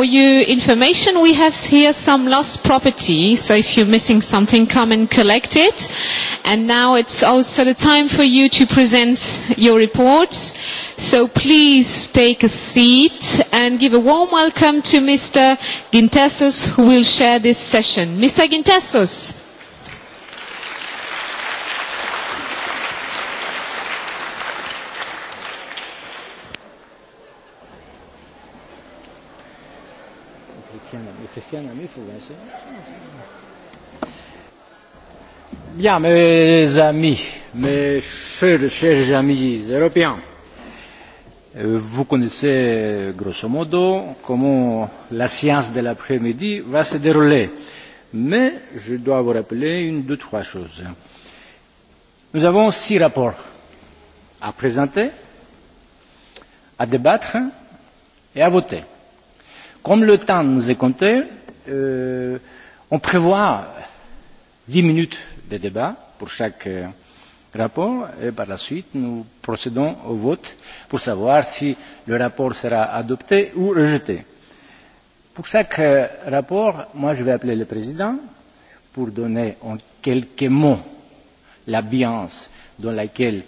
For you information, we have here some lost property, so if you're missing something, come and collect it. And now it's also the time for you to present your reports. So please take a seat and give a warm welcome to Mr. Gintessos, who will share this session. Mr. Gintessos. να μην Bien, mes amis, mes chers, chers amis européens, vous connaissez grosso modo comment la science de l'après-midi va se dérouler. Mais je dois vous rappeler une, deux, trois choses. Nous avons six rapports à présenter, à débattre et à voter. Comme le temps nous est compté, on prévoit dix minutes de débat pour chaque rapport et par la suite nous procédons au vote pour savoir si le rapport sera adopté ou rejeté. Pour chaque rapport, moi je vais appeler le président pour donner en quelques mots l'ambiance dans laquelle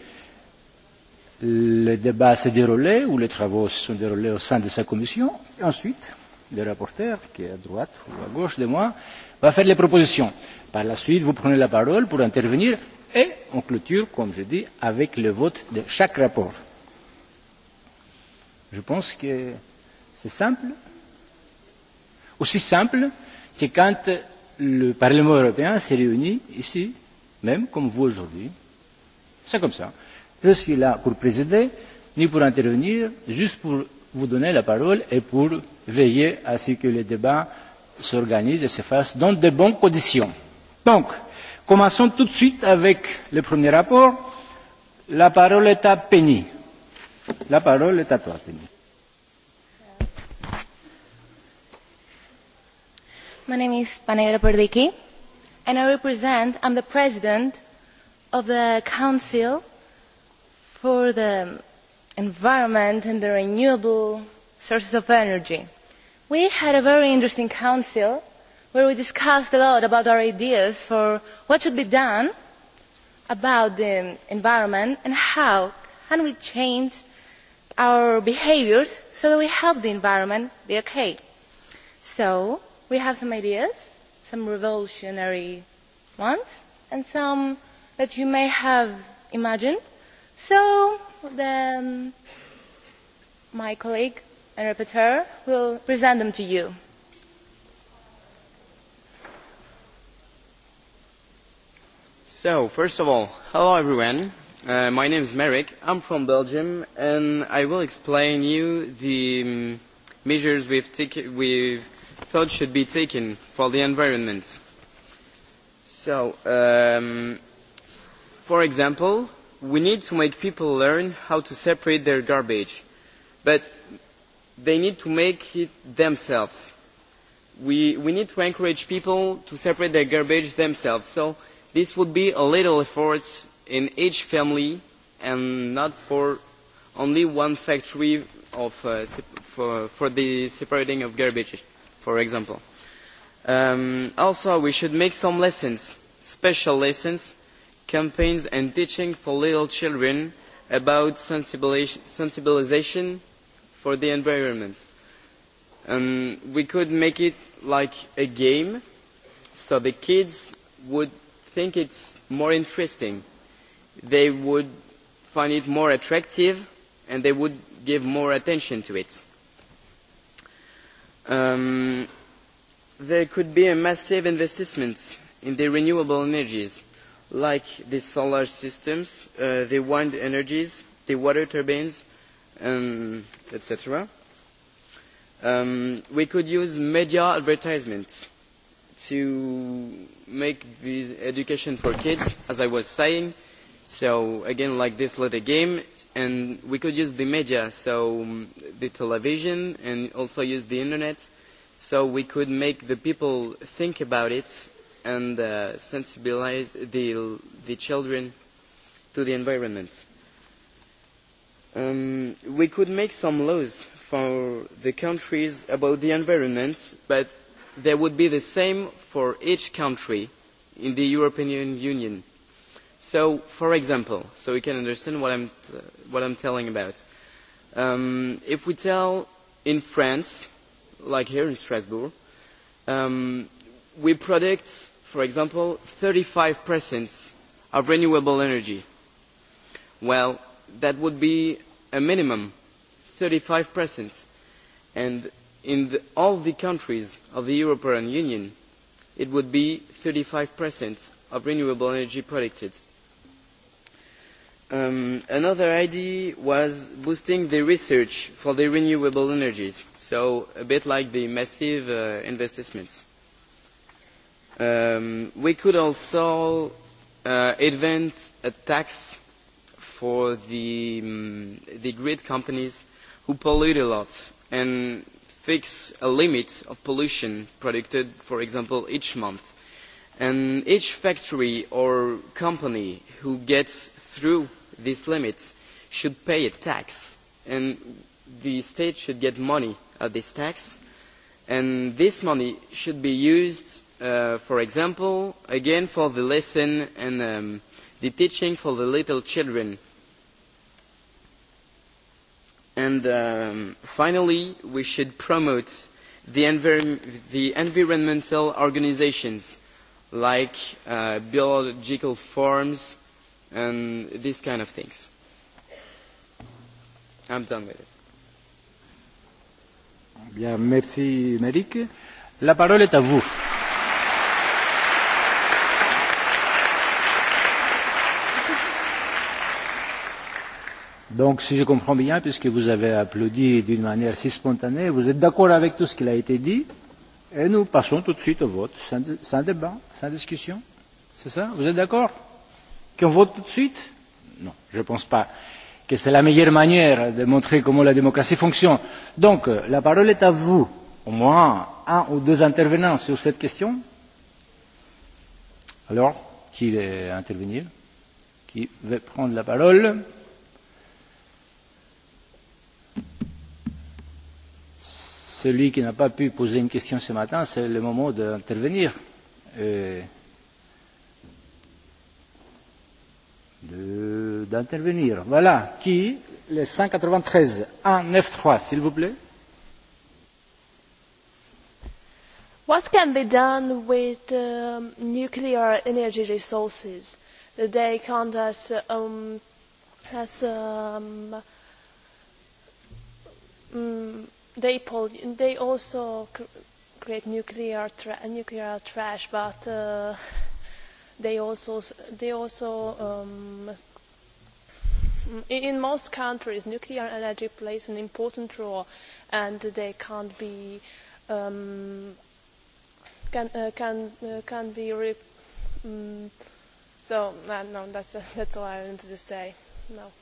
le débat s'est déroulé ou les travaux se sont déroulés au sein de sa commission. Et ensuite, le rapporteur, qui est à droite ou à gauche de moi, va faire les propositions. Par la suite, vous prenez la parole pour intervenir et on clôture, comme je dis, avec le vote de chaque rapport. Je pense que c'est simple. Aussi simple que quand le Parlement européen s'est réuni ici, même comme vous aujourd'hui. C'est comme ça. Je suis là pour présider, ni pour intervenir, juste pour vous donner la parole et pour veiller à ce que le débat s'organise et se fasse dans de bonnes conditions. Donc, commençons tout de suite avec le premier rapport. La parole est à Penny. La parole est à toi, Penny. My name is Perdiki and I represent, I'm the president of the Council for the environment and the renewable sources of energy. We had a very interesting council where we discussed a lot about our ideas for what should be done about the environment and how can we change our behaviours so that we help the environment be okay. So we have some ideas, some revolutionary ones and some that you may have imagined. So then my colleague and rapporteur will present them to you. So, first of all, hello everyone. My name is Merrick. I'm from Belgium, and I will explain you the measures we've thought should be taken for the environment. So, for example, we need to make people learn how to separate their garbage but they need to make it themselves. we need to encourage people to separate their garbage themselves so this would be a little effort in each family and not for only one factory of for the separating of garbage for example. also we should make some lessons special lessons campaigns and teaching for little children about sensibilisation for the environment. We could make it like a game so the kids would think it's more interesting. They would find it more attractive and they would give more attention to it. There could be a massive investment in the renewable energies like the solar systems, the wind energies, the water turbines, etc. We could use media advertisements to make the education for kids, as I was saying. So again, like this little game, and we could use the media, so the television, and also use the internet, so we could make the people think about it and sensibilize the children to the environment. We could make some laws for the countries about the environment, but they would be the same for each country in the European Union. So, for example, so we can understand what I'm what I'm telling about. If we tell in France, like here in Strasbourg, we produce for example thirty five of renewable energy. well that would be a minimum thirty five and in all the countries of the european union it would be thirty five of renewable energy predicted. another idea was boosting the research for the renewable energies so a bit like the massive investments We could also invent a tax for the grid companies who pollute a lot and fix a limit of pollution predicted, for example, each month. And each factory or company who gets through these limits should pay a tax, and the state should get money of this tax, and this money should be used for example, again for the lesson and the teaching for the little children. And finally, we should promote the environmental organizations like biological farms and these kind of things. I'm done with it. Bien, merci La parole est à vous. Donc, si je comprends bien, puisque vous avez applaudi d'une manière si spontanée, vous êtes d'accord avec tout ce qui a été dit, et nous passons tout de suite au vote, sans débat, sans discussion. C'est ça Vous êtes d'accord Qu'on vote tout de suite Non, je ne pense pas que c'est la meilleure manière de montrer comment la démocratie fonctionne. Donc, la parole est à vous, au moins un ou deux intervenants sur cette question. Alors, qui veut intervenir Qui veut prendre la parole celui qui n'a pas pu poser une question ce matin, c'est le moment d'intervenir. D'intervenir. Voilà. Qui Le 193, 193, s'il vous plaît. What can be done with nuclear energy resources? They count as as they they also create nuclear nuclear trash but they also they also in most countries nuclear energy plays an important role and they can't be can can can be so no that's that's all I wanted to say no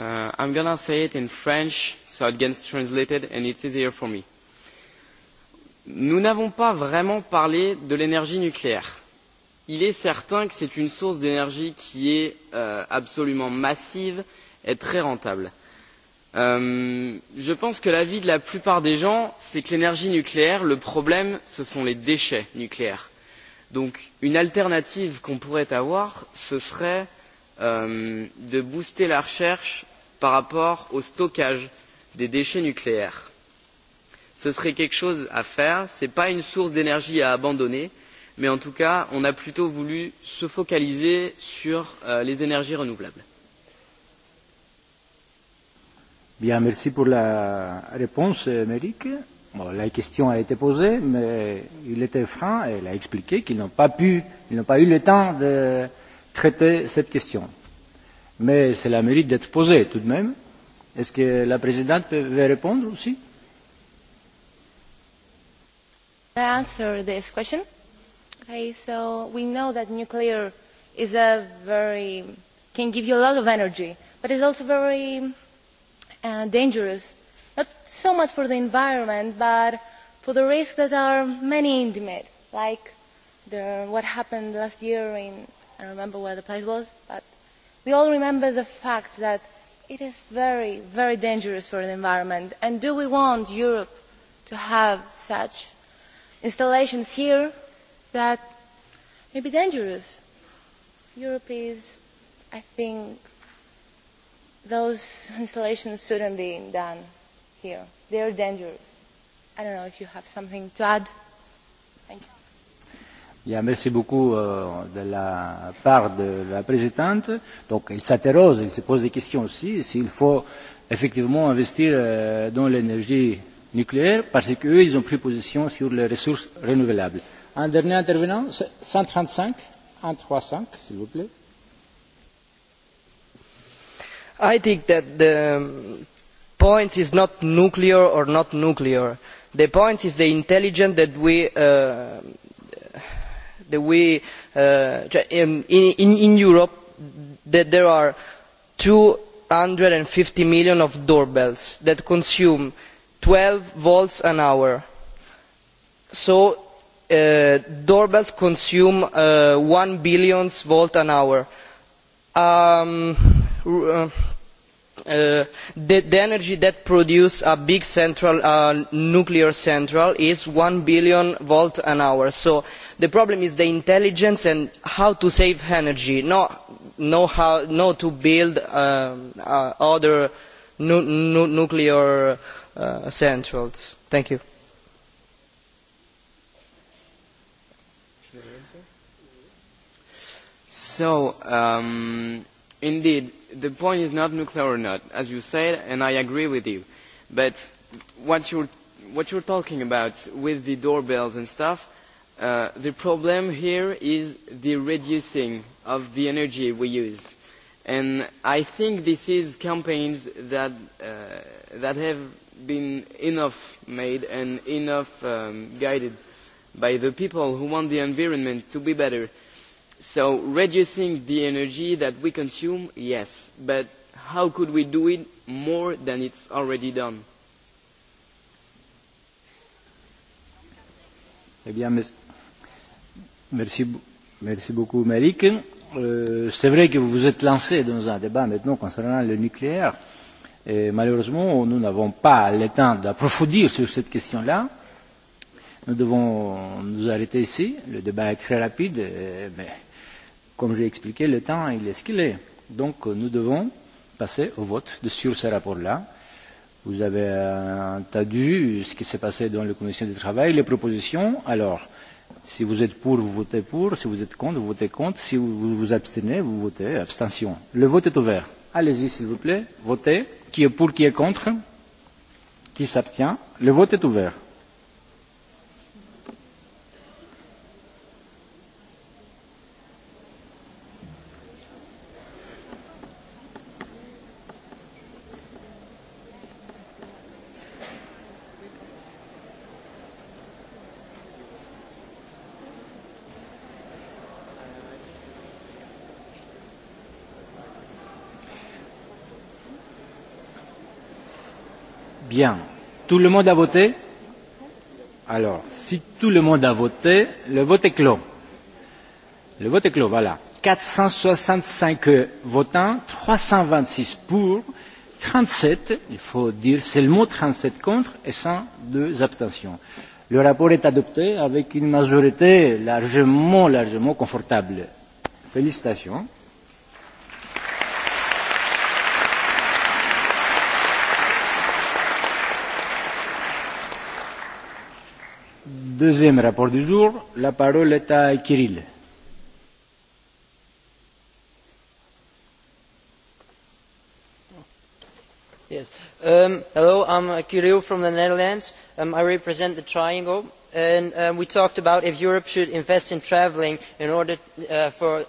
I'm gonna say it in French, so it gets translated and it's easier for me. Nous n'avons pas vraiment parlé de l'énergie nucléaire. Il est certain que c'est une source d'énergie qui est absolument massive et très rentable. Je pense que l'avis de la plupart des gens, c'est que l'énergie nucléaire, le problème, ce sont les déchets nucléaires. Donc, une alternative qu'on pourrait avoir, ce serait de booster la recherche par rapport au stockage des déchets nucléaires. Ce serait quelque chose à faire, ce n'est pas une source d'énergie à abandonner, mais en tout cas, on a plutôt voulu se focaliser sur les énergies renouvelables. Bien, merci pour la réponse, Méric. La question a été posée, mais il était franc et il a expliqué qu'ils n'ont pas eu le temps de traiter cette question mais cela mérite d'être posé tout de même. Est-ce que la présidente peut répondre aussi answer this question. Okay, so we know that nuclear is a very can give you a lot of energy, but it's also very dangerous. Not so much for the environment, but for the risks that are many intimate, like the, what happened last year in I don't remember where the place was, but we all remember the fact that it is very very dangerous for the environment and do we want europe to have such installations here that may be dangerous? europe is i think those installations shouldn't be done here. they are dangerous. i don't know if you have something to add. thank you. Bien, merci beaucoup de la part de la présidente. Donc, il s'interroge, il se pose des questions aussi, s'il faut effectivement investir dans l'énergie nucléaire, parce qu'eux, ils ont pris position sur les ressources renouvelables. Un dernier intervenant, 135, 135, s'il vous plaît. I think that the point is not nuclear or not nuclear. The point is the intelligence that we the way in Europe that there are 250 million of doorbells that consume 12 volts an hour. So doorbells consume 1 billion volt an hour. The energy that produces a big central nuclear central is 1 billion volt an hour. So the problem is the intelligence and how to save energy not to build other nuclear centrals. thank you. So, indeed, the point is not nuclear or not, as you said, and I agree with you. But what you're, what you're talking about with the doorbells and stuff, The problem here is the reducing of the energy we use, and I think this is campaigns that that have been enough made and enough guided by the people who want the environment to be better. So reducing the energy that we consume, yes, but how could we do it more than it's already done? Merci beaucoup, Malik. C'est vrai que vous vous êtes lancé dans un débat maintenant concernant le nucléaire. Et malheureusement, nous n'avons pas le temps d'approfondir sur cette question-là. Nous devons nous arrêter ici. Le débat est très rapide, mais comme j'ai expliqué, le temps, il est ce qu'il est. Donc, nous devons passer au vote sur ce rapport-là. Vous avez entendu ce qui s'est passé dans la commission du travail, les propositions. Alors, Si vous êtes pour, vous votez pour. Si vous êtes contre, vous votez contre. Si vous vous abstenez, vous votez abstention. Le vote est ouvert. Allez-y, s'il vous plaît. Votez. Qui est pour, qui est contre Qui s'abstient Le vote est ouvert. Bien. Tout le monde a voté Alors, si tout le monde a voté, le vote est clos. Le vote est clos, voilà. 465 votants, 326 pour, 37, il faut dire seulement 37 contre et 102 abstentions. Le rapport est adopté avec une majorité largement, largement confortable. Félicitations. Deuxième rapport du jour, la parole est à Yes. Um, hello, I'm Kirill from the Netherlands. Um, I represent the Triangle. And we talked about if Europe should invest in traveling in order for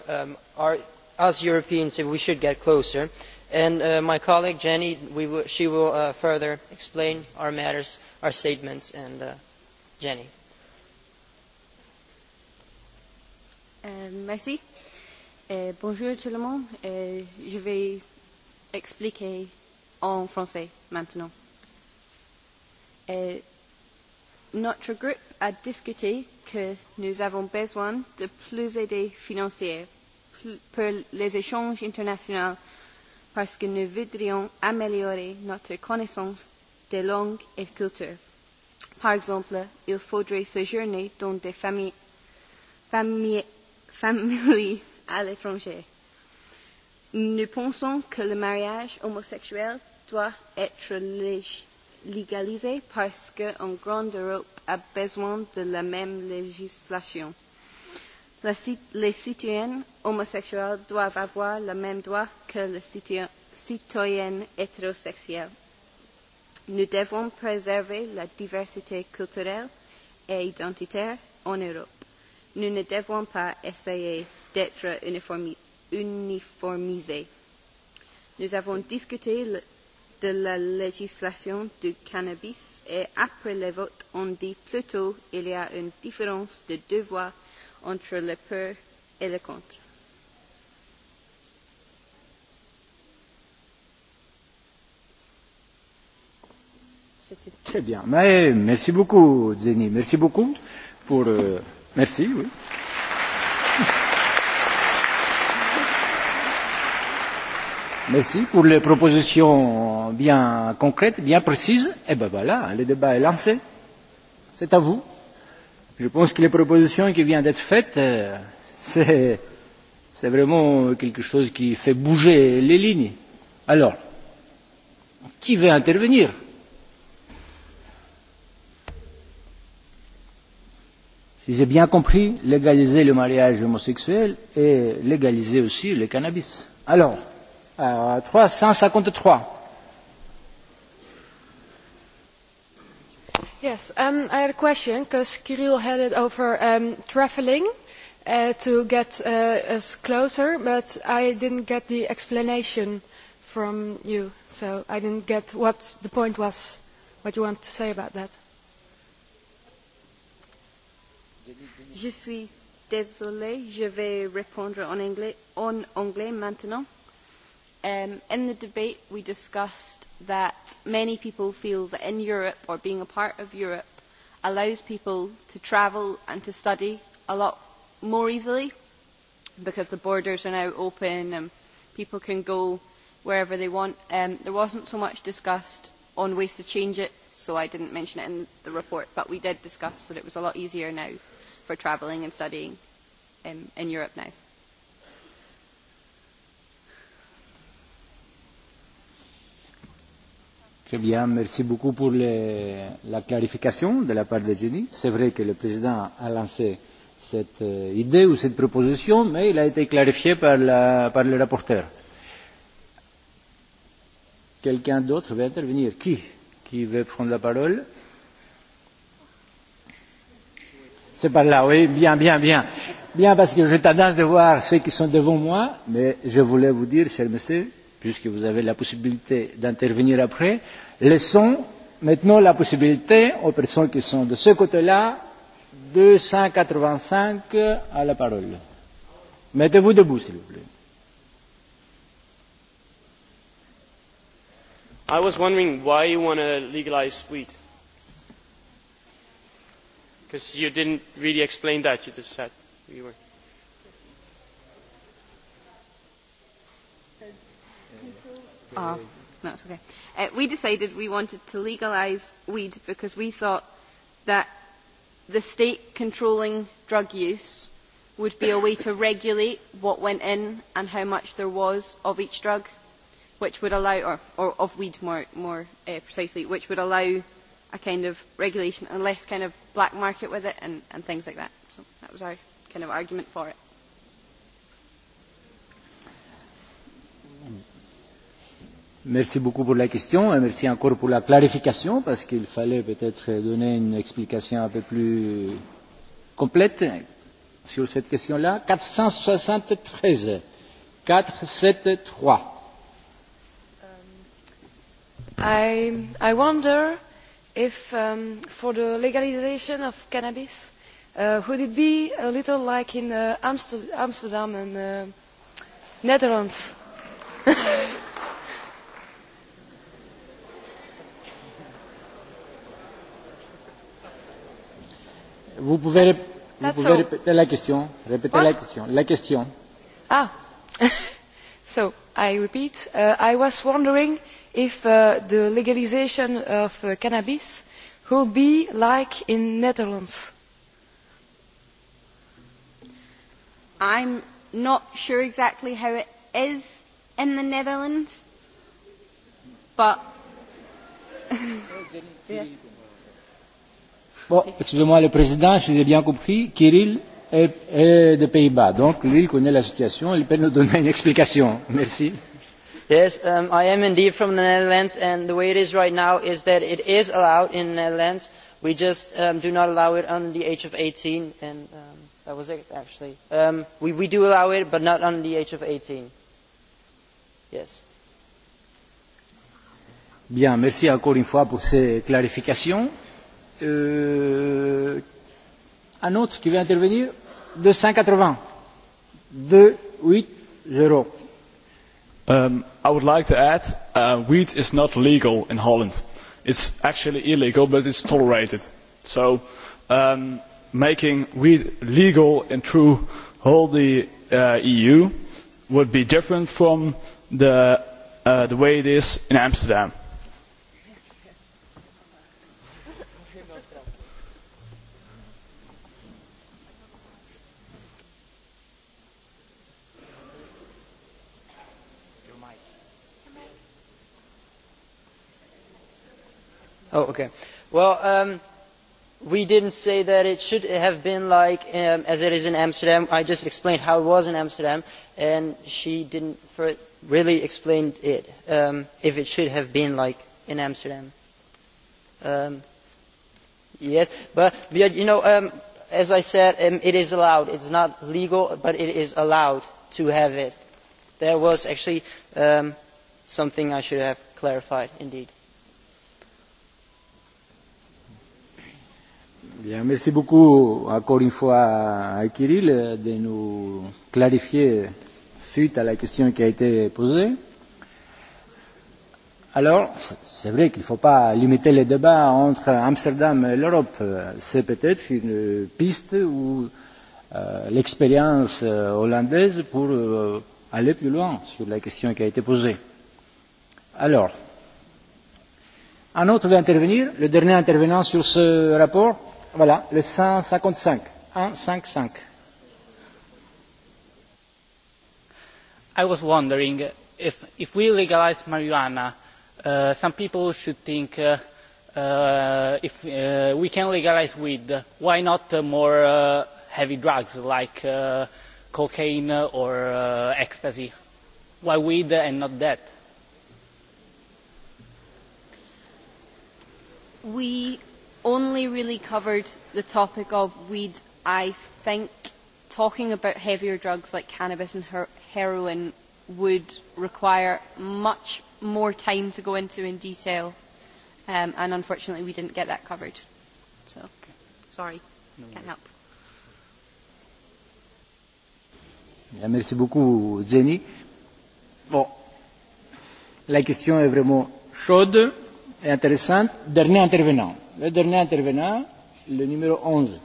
our, us Europeans if we should get closer. And my colleague Jenny, we she will uh, further explain our matters, our statements. And uh, Jenny. Merci. Bonjour tout le monde. Je vais expliquer en français maintenant. Notre groupe a discuté que nous avons besoin de plus d'aide financière pour les échanges internationaux parce que nous voudrions améliorer notre connaissance des langues et cultures. Par exemple, il faudrait séjourner dans des familles famille à l'étranger. Nous pensons que le mariage homosexuel doit être légalisé parce qu'en grande Europe a besoin de la même législation. Les citoyennes homosexuelles doivent avoir le même droit que les citoyennes hétérosexuelles. Nous devons préserver la diversité culturelle et identitaire en Europe. Nous ne devons pas essayer d'être uniformisés. Nous avons discuté de la législation du cannabis et après le vote, on dit plutôt qu'il y a une différence de deux voix entre le pour et le contre. Très bien. Merci beaucoup, Zeni. Merci beaucoup pour Merci, oui. Merci pour les propositions bien concrètes, bien précises. Et ben voilà, le débat est lancé. C'est à vous. Je pense que les propositions qui viennent d'être faites, c'est vraiment quelque chose qui fait bouger les lignes. Alors, qui veut intervenir si j'ai bien compris, légaliser le mariage homosexuel et légaliser aussi le cannabis. Alors, à 353. Yes, um, I had a question because Kirill had it over um, traveling uh, to get uh, us closer, but I didn't get the explanation from you, so I didn't get what the point was, what you want to say about that. Je suis désolée, je vais répondre en anglais, en anglais maintenant. in the debate, we discussed that many people feel that in Europe, or being a part of Europe, allows people to travel and to study a lot more easily because the borders are now open and people can go wherever they want. Um, there wasn't so much discussed on ways to change it, so I didn't mention it in the report, but we did discuss that it was a lot easier now for traveling and studying in in Europe now. Très bien, merci beaucoup pour la clarification de la part de Jenny. C'est vrai que le président a lancé cette idée ou cette proposition, mais il a été clarifié par, la, par le rapporteur. Quelqu'un d'autre veut intervenir Qui Qui veut prendre la parole C'est par là, oui, bien, bien, bien. Bien, parce que j'ai tendance de voir ceux qui sont devant moi, mais je voulais vous dire, cher monsieur, puisque vous avez la possibilité d'intervenir après, laissons maintenant la possibilité aux personnes qui sont de ce côté-là, 285 à la parole. Mettez-vous debout, s'il vous plaît. I was wondering why you want to legalize Because you didn't really explain that, you just said you were. Oh, that's okay. we decided we wanted to legalise weed because we thought that the state controlling drug use would be a way to regulate what went in and how much there was of each drug, which would allow, or, of weed more, more precisely, which would allow a kind of regulation and less kind of black market with it and, and things like that. So that was our kind of argument for it. Merci beaucoup pour la question et merci encore pour la clarification parce qu'il fallait peut-être donner une explication un peu plus complète sur cette question-là. 473. 473. I, I wonder if for the legalization of cannabis would it be a little like in amsterdam and netherlands vous pouvez répéter la question répétez la question la question ah so i repeat i was wondering if the legalization of cannabis will be like in Netherlands? I'm not sure exactly how it is in the Netherlands, but. Bon, excusez-moi le président, si j'ai bien compris, Kirill est, est des Pays-Bas, donc lui, il connaît la situation, il peut nous donner une explication. Merci. Yes, I am indeed from the Netherlands, and the way it is right now is that it is allowed in the Netherlands. We just do not allow it under the age of 18, and that was it actually. We do allow it, but not under the age of 18. Yes. Bien, merci encore une fois pour ces clarifications. Un autre qui veut intervenir 280. 280. I would like to add, wheat is not legal in Holland. It's actually illegal, but it's tolerated. So making wheat legal in through whole the EU would be different from the way it is in Amsterdam. okay. Well, we didn't say that it should have been like as it is in Amsterdam. I just explained how it was in Amsterdam, and she didn't really explain it, if it should have been like in Amsterdam. Yes, but, you know, as I said, it is allowed. It's not legal, but it is allowed to have it. There was actually something I should have clarified, indeed. Bien, merci beaucoup encore une fois à Kirill de nous clarifier suite à la question qui a été posée. Alors, c'est vrai qu'il ne faut pas limiter le débat entre Amsterdam et l'Europe. C'est peut-être une piste ou l'expérience hollandaise pour aller plus loin sur la question qui a été posée. Alors, un autre veut intervenir, le dernier intervenant sur ce rapport Voilà, le 155. 155. I was wondering if, if we legalize marijuana, some people should think if we can legalize weed, why not more heavy drugs like cocaine or ecstasy? Why weed and not that? We only really covered the topic of weed, I think talking about heavier drugs like cannabis and heroin would require much more time to go into in detail, and unfortunately we didn't get that covered. So, sorry, can't Merci beaucoup, Jenny. Bon, la question est vraiment chaude et intéressante. Dernier intervenant le numéro 11.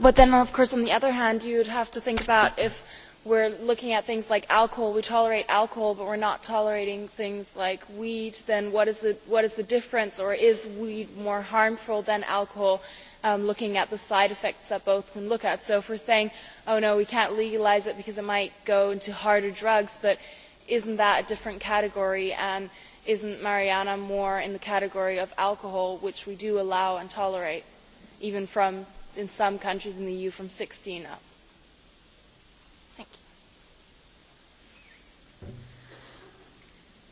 But then, of course, on the other hand, you would have to think about if we're looking at things like alcohol, we tolerate alcohol, but we're not tolerating things like weed, then what is the difference, or is weed more harmful than alcohol, looking at the side effects that both can look at. So if we're saying, oh, no, we can't legalize it because it might go into harder drugs, but isn't that a different category? And isn't marijuana more in the category of alcohol, which we do allow and tolerate, even from in some countries in the EU from 16 up? Thank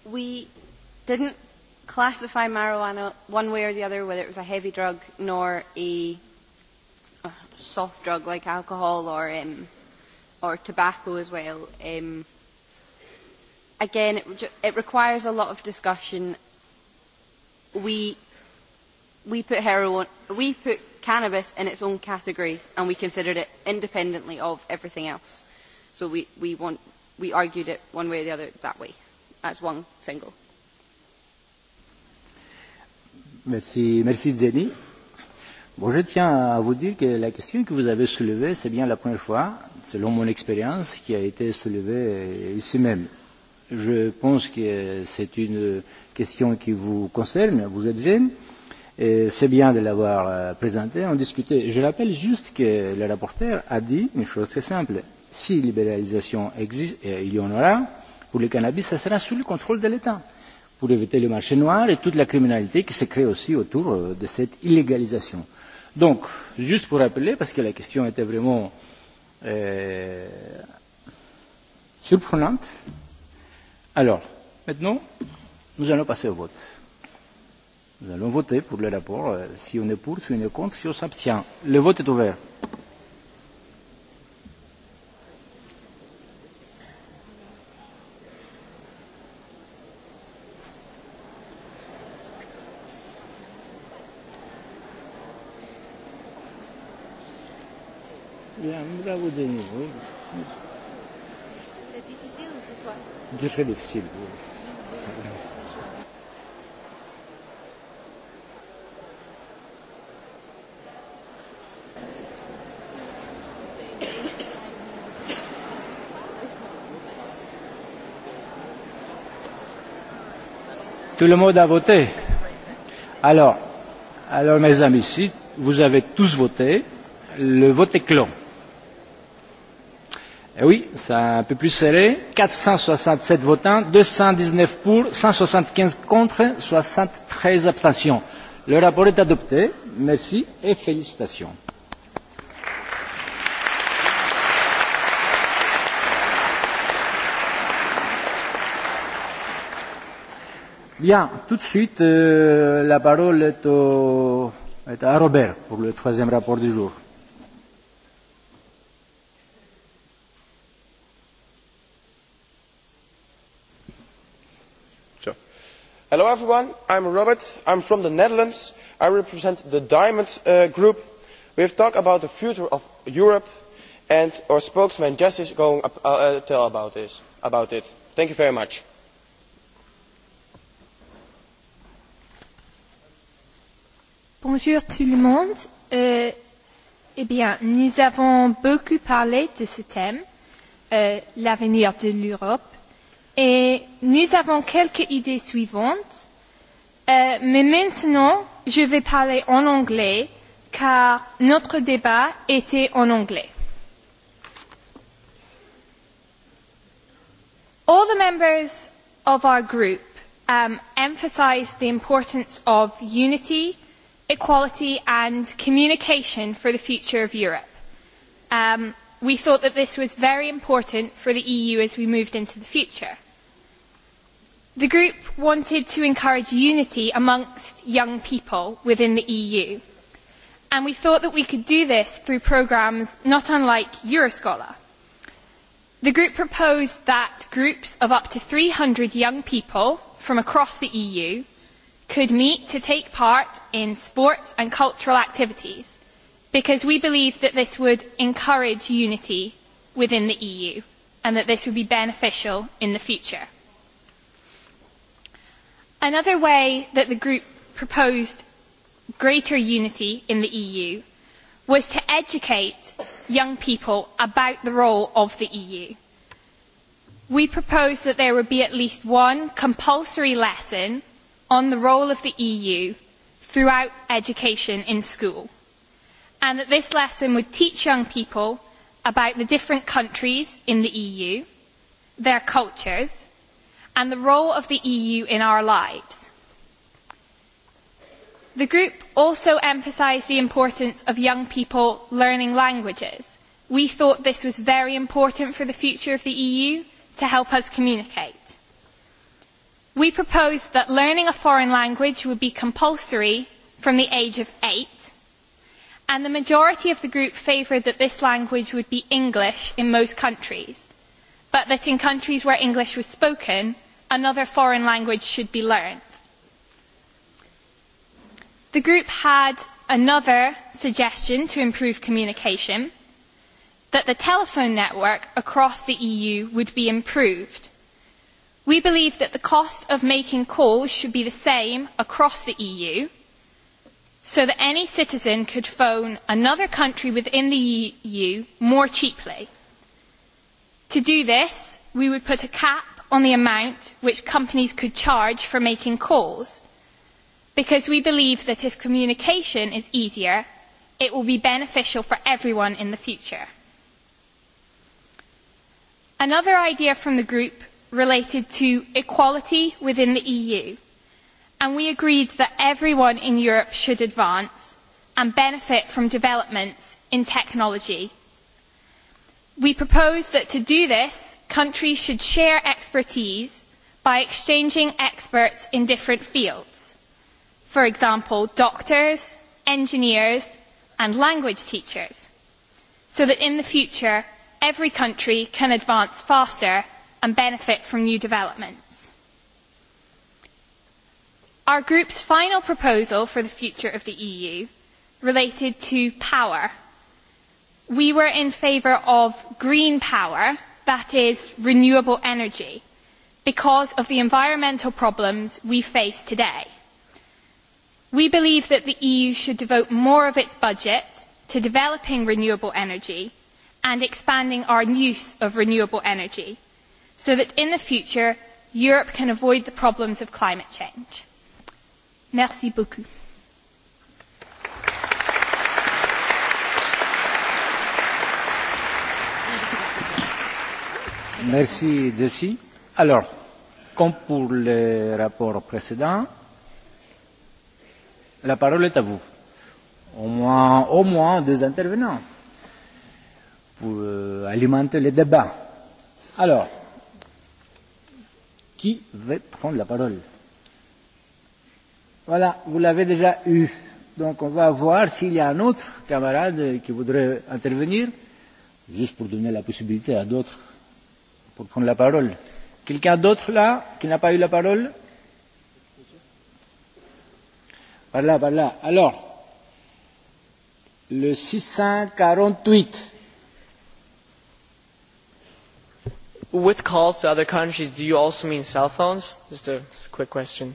you. We didn't classify marijuana one way or the other, whether it was a heavy drug nor a soft drug like alcohol or or tobacco as well. Um, again, it requires a lot of discussion. We we put heroin, we put cannabis in its own category, and we considered it independently of everything else. So we we want we argued it one way or the other that way, as one single. Merci, merci Zeni. Bon, je tiens à vous dire que la question que vous avez soulevée, c'est bien la première fois, selon mon expérience, qui a été soulevée ici même Je pense que c'est une question qui vous concerne. Vous êtes jeune. C'est bien de l'avoir présenté, en discuter. Je rappelle juste que le rapporteur a dit une chose très simple. Si libéralisation existe, et il y en aura, pour le cannabis, ça sera sous le contrôle de l'État, pour éviter le marché noir et toute la criminalité qui se crée aussi autour de cette illégalisation. Donc, juste pour rappeler, parce que la question était vraiment surprenante, Alors, maintenant, nous allons passer au vote. Nous allons voter pour le rapport, si on est pour, si on est contre, si on s'abstient. Le vote est ouvert. Bien, C'est très difficile. Tout le monde a voté. Alors, alors mes amis, si vous avez tous voté, le vote est clos. Eh Oui, c'est un peu plus serré. 467 votants, 219 pour, 175 contre, 73 abstentions. Le rapport est adopté. Merci et félicitations. Bien, tout de suite, la parole est à Robert pour le troisième rapport du jour. hello everyone I'm robert I'm from the netherlands i represent the diamond group. we have talked about the future of europe and our spokesman jess is going to tell us about it. thank you very much. bonjour tout le monde. eh bien nous avons beaucoup parlé de ce thème l'avenir de l'europe et nous avons quelques idées suivantes. Mais maintenant, je vais parler en anglais car notre débat était en anglais. All the members of our group emphasized the importance of unity, equality and communication for the future of Europe. We thought that this was very important for the EU as we moved into the future the group wanted to encourage unity amongst young people within the eu and we thought that we could do this through programmes not unlike euroscholar. the group proposed that groups of up to 300 young people from across the eu could meet to take part in sports and cultural activities because we believe that this would encourage unity within the eu and that this would be beneficial in the future. Another way that the group proposed greater unity in the EU was to educate young people about the role of the EU. We proposed that there would be at least one compulsory lesson on the role of the EU throughout education in school, and that this lesson would teach young people about the different countries in the EU, their cultures, and the role of the EU in our lives. The group also emphasised the importance of young people learning languages. We thought this was very important for the future of the EU to help us communicate. We proposed that learning a foreign language would be compulsory from the age of eight, and the majority of the group favoured that this language would be English in most countries, but that in countries where English was spoken, another foreign language should be learned. The group had another suggestion to improve communication, that the telephone network across the EU would be improved. We believe that the cost of making calls should be the same across the EU, so that any citizen could phone another country within the EU more cheaply. To do this, we would put a cap on the amount which companies could charge for making calls because we believe that if communication is easier it will be beneficial for everyone in the future. another idea from the group related to equality within the eu and we agreed that everyone in europe should advance and benefit from developments in technology. we proposed that to do this countries should share expertise by exchanging experts in different fields for example doctors engineers and language teachers so that in the future every country can advance faster and benefit from new developments. our group's final proposal for the future of the eu related to power. we were in favour of green power' that is renewable energy because of the environmental problems we face today. We believe that the EU should devote more of its budget to developing renewable energy and expanding our use of renewable energy so that in the future Europe can avoid the problems of climate change. Merci beaucoup. Merci, Dessy. Alors, comme pour le rapport précédent, la parole est à vous. Au moins, au moins deux intervenants pour alimenter le débat. Alors, qui veut prendre la parole Voilà, vous l'avez déjà eu. Donc, on va voir s'il y a un autre camarade qui voudrait intervenir, juste pour donner la possibilité à d'autres pour prendre la parole. Quelqu'un d'autre là qui n'a pas eu la parole Voilà, voilà. Alors, le 648. With calls to other countries, do you also mean cell phones? Just a quick question.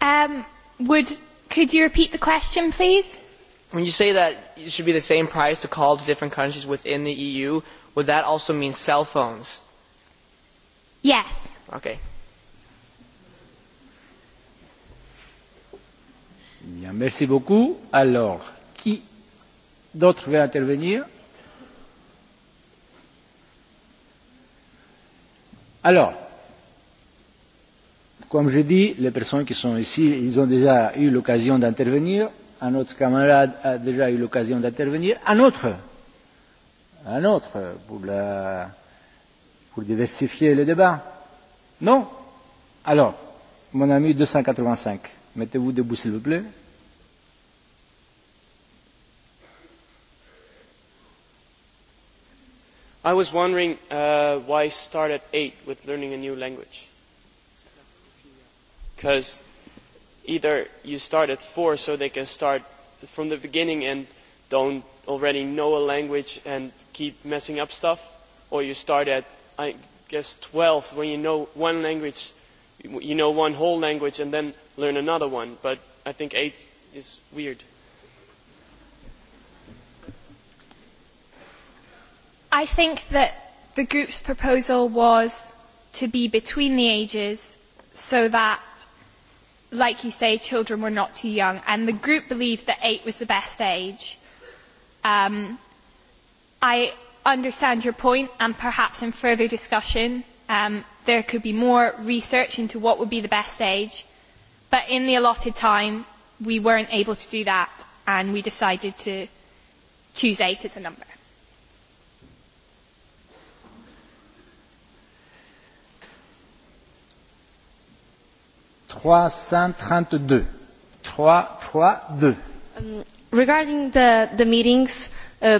Um, would, could you repeat the question, please? when you say that it should be the same price to call to different countries within the EU, would that also mean cell phones? Yes. Okay. Bien, merci beaucoup. Alors, qui d'autre veut intervenir Alors, comme je dis, les personnes qui sont ici, ils ont déjà eu l'occasion d'intervenir un autre camarade a déjà eu l'occasion d'intervenir, un autre, un autre, pour, la, pour diversifier le débat. Non Alors, mon ami 285, mettez-vous debout s'il vous plaît. I was wondering uh, why start at eight with learning a new language. Because either you start at four so they can start from the beginning and don't already know a language and keep messing up stuff, or you start at, I guess, 12 when you know one language, you know one whole language and then learn another one. But I think eight is weird. I think that the group's proposal was to be between the ages so that like you say, children were not too young, and the group believed that eight was the best age. I understand your point, and perhaps in further discussion there could be more research into what would be the best age, but in the allotted time we weren't able to do that, and we decided to choose eight as a number. 332. 332. Regarding the the meetings,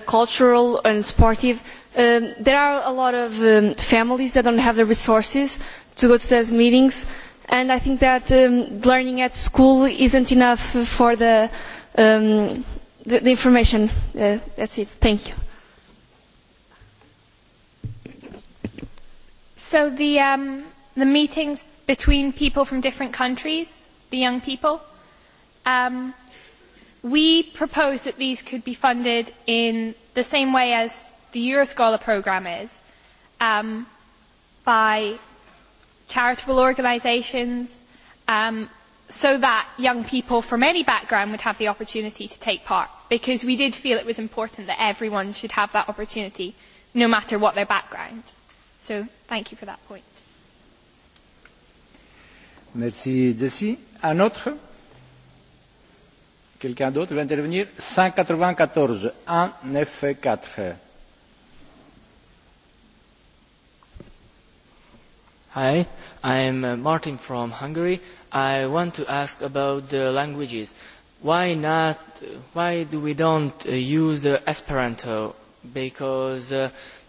cultural and sportive, there are a lot of families that don't have the resources to go to those meetings, and I think that learning at school isn't enough for the the information. That's it. Thank you. So the the meetings between people from different countries, the young people. We propose that these could be funded in the same way as the Euroscholar programme is, by charitable organisations, so that young people from any background would have the opportunity to take part, because we did feel it was important that everyone should have that opportunity, no matter what their background. So thank you for that point. Merci, Dessy. Un autre Quelqu'un d'autre veut intervenir 194, 1, 9, 4. Hi, I'm Martin from Hungary. I want to ask about the languages. Why not? Why do we don't use the Esperanto? Because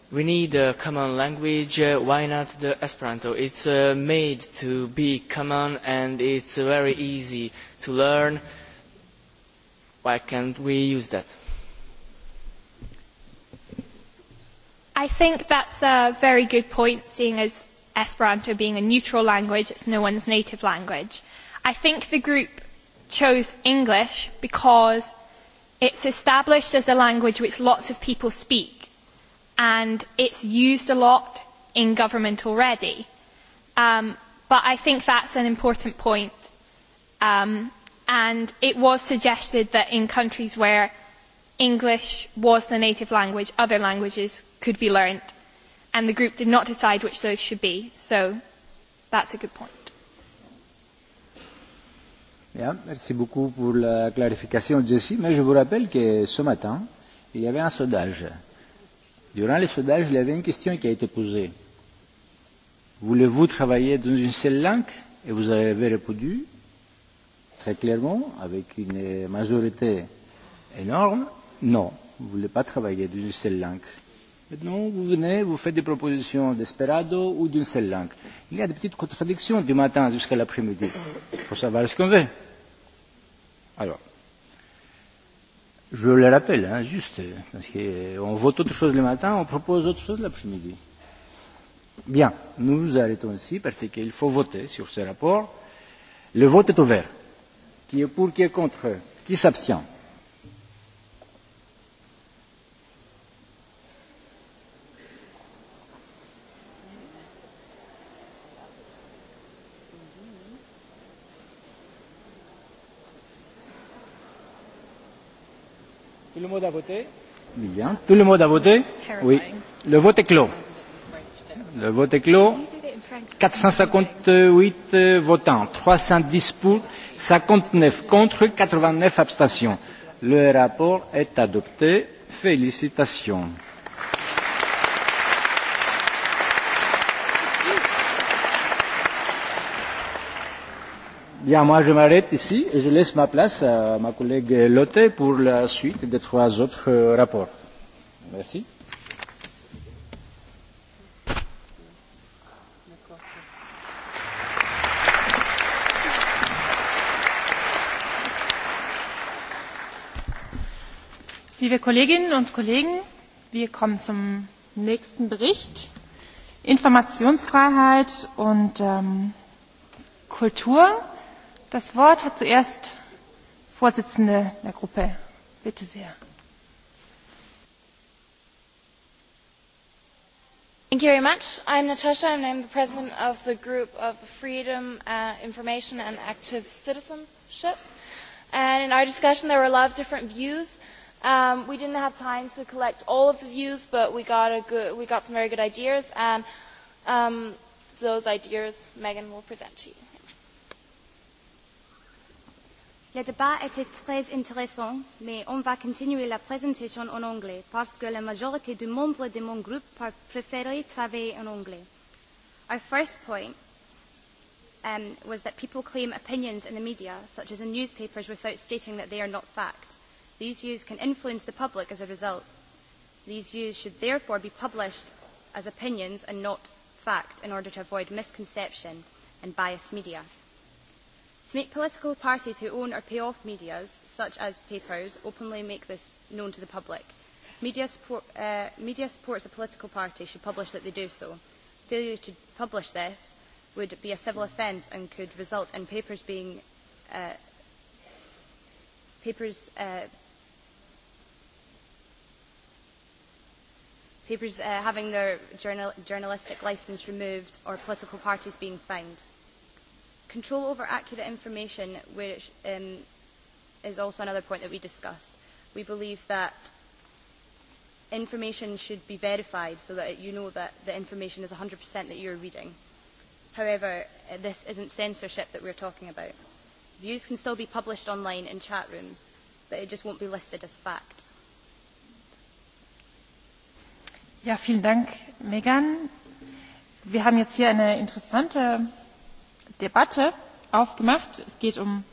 We need a common language. Why not the Esperanto? It's made to be common and it's very easy to learn. Why can't we use that? I think that's a very good point, seeing as Esperanto being a neutral language, it's no one's native language. I think the group chose English because it's established as a language which lots of people speak and it's used a lot in government already. But I think that's an important point. And it was suggested that in countries where English was the native language, other languages could be learned, And the group did not decide which those should be. So that's a good point. clarification, je vous rappelle que ce matin, il y avait un sondage Durant le sondage, il y avait une question qui a été posée. Voulez-vous travailler dans une seule langue Et vous avez répondu très clairement, avec une majorité énorme, non, vous ne voulez pas travailler dans une seule langue. Maintenant, vous venez, vous faites des propositions d'Esperado ou d'une seule langue. Il y a des petites contradictions du matin jusqu'à l'après-midi. Il faut savoir ce qu'on veut. Alors, Je le rappelle, hein, juste, parce qu'on vote autre chose le matin, on propose autre chose l'après-midi. Bien, nous nous arrêtons ici parce qu'il faut voter sur ce rapport. Le vote est ouvert. Qui est pour, qui est contre, qui s'abstient le monde a voté Bien. Tout le monde a voté Oui. Le vote est clos. Le vote est clos. 458 votants, 310 pour, 59 contre, 89 abstentions. Le rapport est adopté. Félicitations. Bien, moi je m'arrête ici et je laisse ma place à ma collègue Lotte pour la suite des trois autres rapports. Merci. Liebe Kolleginnen und Kollegen, wir kommen zum nächsten Bericht. Informationsfreiheit und Kultur Das Wort hat zuerst Vorsitzende der Gruppe. Bitte sehr. Thank you very much. I'm Natasha. and I'm named the president of the group of Freedom, Information and Active Citizenship. And in our discussion, there were a lot of different views. Um, we didn't have time to collect all of the views, but we got, a good, we got some very good ideas. And um, those ideas Megan will present to you. Le débat était très intéressant, mais on va continuer la présentation en anglais parce que la majorité des membres de mon groupe préféraient travailler en anglais. Our first point um, was that people claim opinions in the media, such as in newspapers, without stating that they are not fact. These views can influence the public as a result. These views should therefore be published as opinions and not fact in order to avoid misconception and biased media. To make political parties who own or pay off media, such as papers, openly make this known to the public. Media supports a political party should publish that they do so. Failure to publish this would be a civil offence and could result in papers being papers papers having their journalistic licence removed or political parties being fined. Control over accurate information, which is also another point that we discussed. We believe that information should be verified so that you know that the information is 100% that you're reading. However, this isn't censorship that we're talking about. Views can still be published online in chat rooms, but it just won't be listed as fact. Ja, vielen Dank, Megan. Wir haben jetzt hier eine interessante Debatte aufgemacht. Es geht um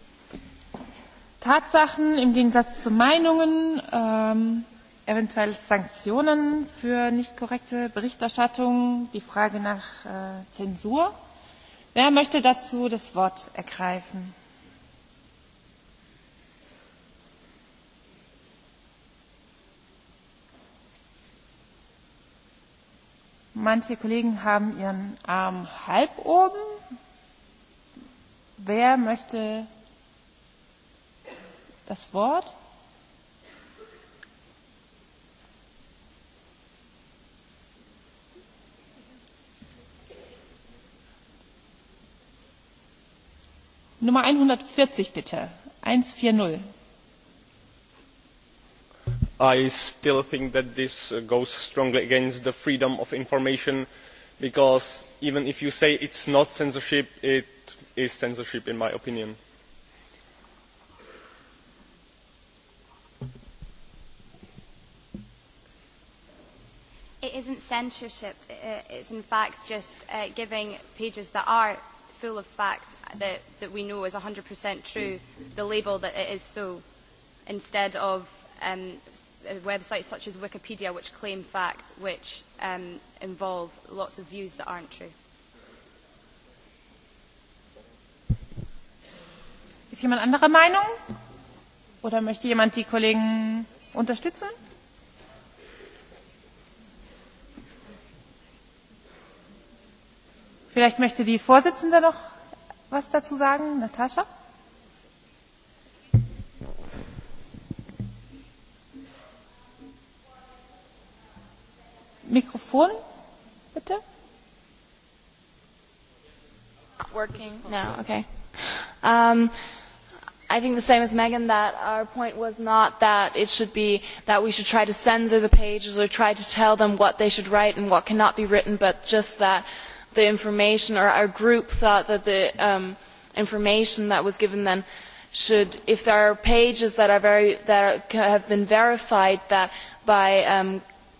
Tatsachen im Gegensatz zu Meinungen, eventuell Sanktionen für nicht korrekte Berichterstattung, die Frage nach Zensur. Wer möchte dazu das Wort ergreifen? Manche Kollegen haben ihren Arm halb oben, Wer möchte das Wort? Nummer 140 bitte. 140. I still think that this goes strongly against the freedom of information because even if you say it's not censorship, it is censorship in my opinion. It isn't censorship. It's in fact just giving pages that are full of fact that, that we know is 100% true, the label that it is so, instead of um, websites such as Wikipedia which claim fact, which um, involve lots of views that aren't true. Ist jemand anderer Meinung? Oder möchte jemand die Kollegen unterstützen? Vielleicht möchte die Vorsitzende noch was dazu sagen, Natascha? Mikrofon, bitte. Working now, okay. Um, I think the same as Megan that our point was not that it should be that we should try to censor the pages or try to tell them what they should write and what cannot be written, but just that the information or our group thought that the information that was given then should, if there are pages that have been verified that by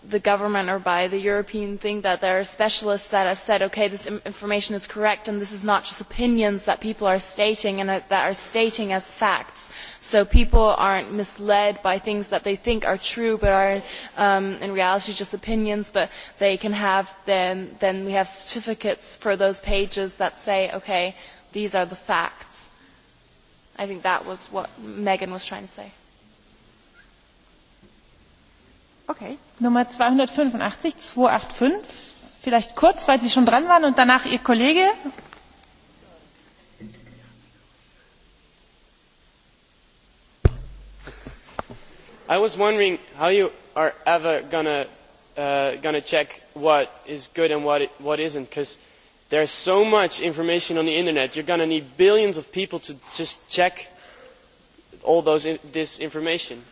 the government or by the European think that there are specialists that have said, okay, this information is correct and this is not just opinions that people are stating and that are stating as facts. So people aren't misled by things that they think are true but are in reality just opinions, but they can have then, then we have certificates for those pages that say, okay, these are the facts. I think that was what Megan was trying to say. Okay. Nummer 285, 285. Vielleicht kurz, weil Sie schon dran waren und danach Ihr Kollege. I was wondering how you are ever gonna uh, gonna check what is good and what it, what isn't, because there's so much information on the internet. You're gonna need billions of people to just check all those this information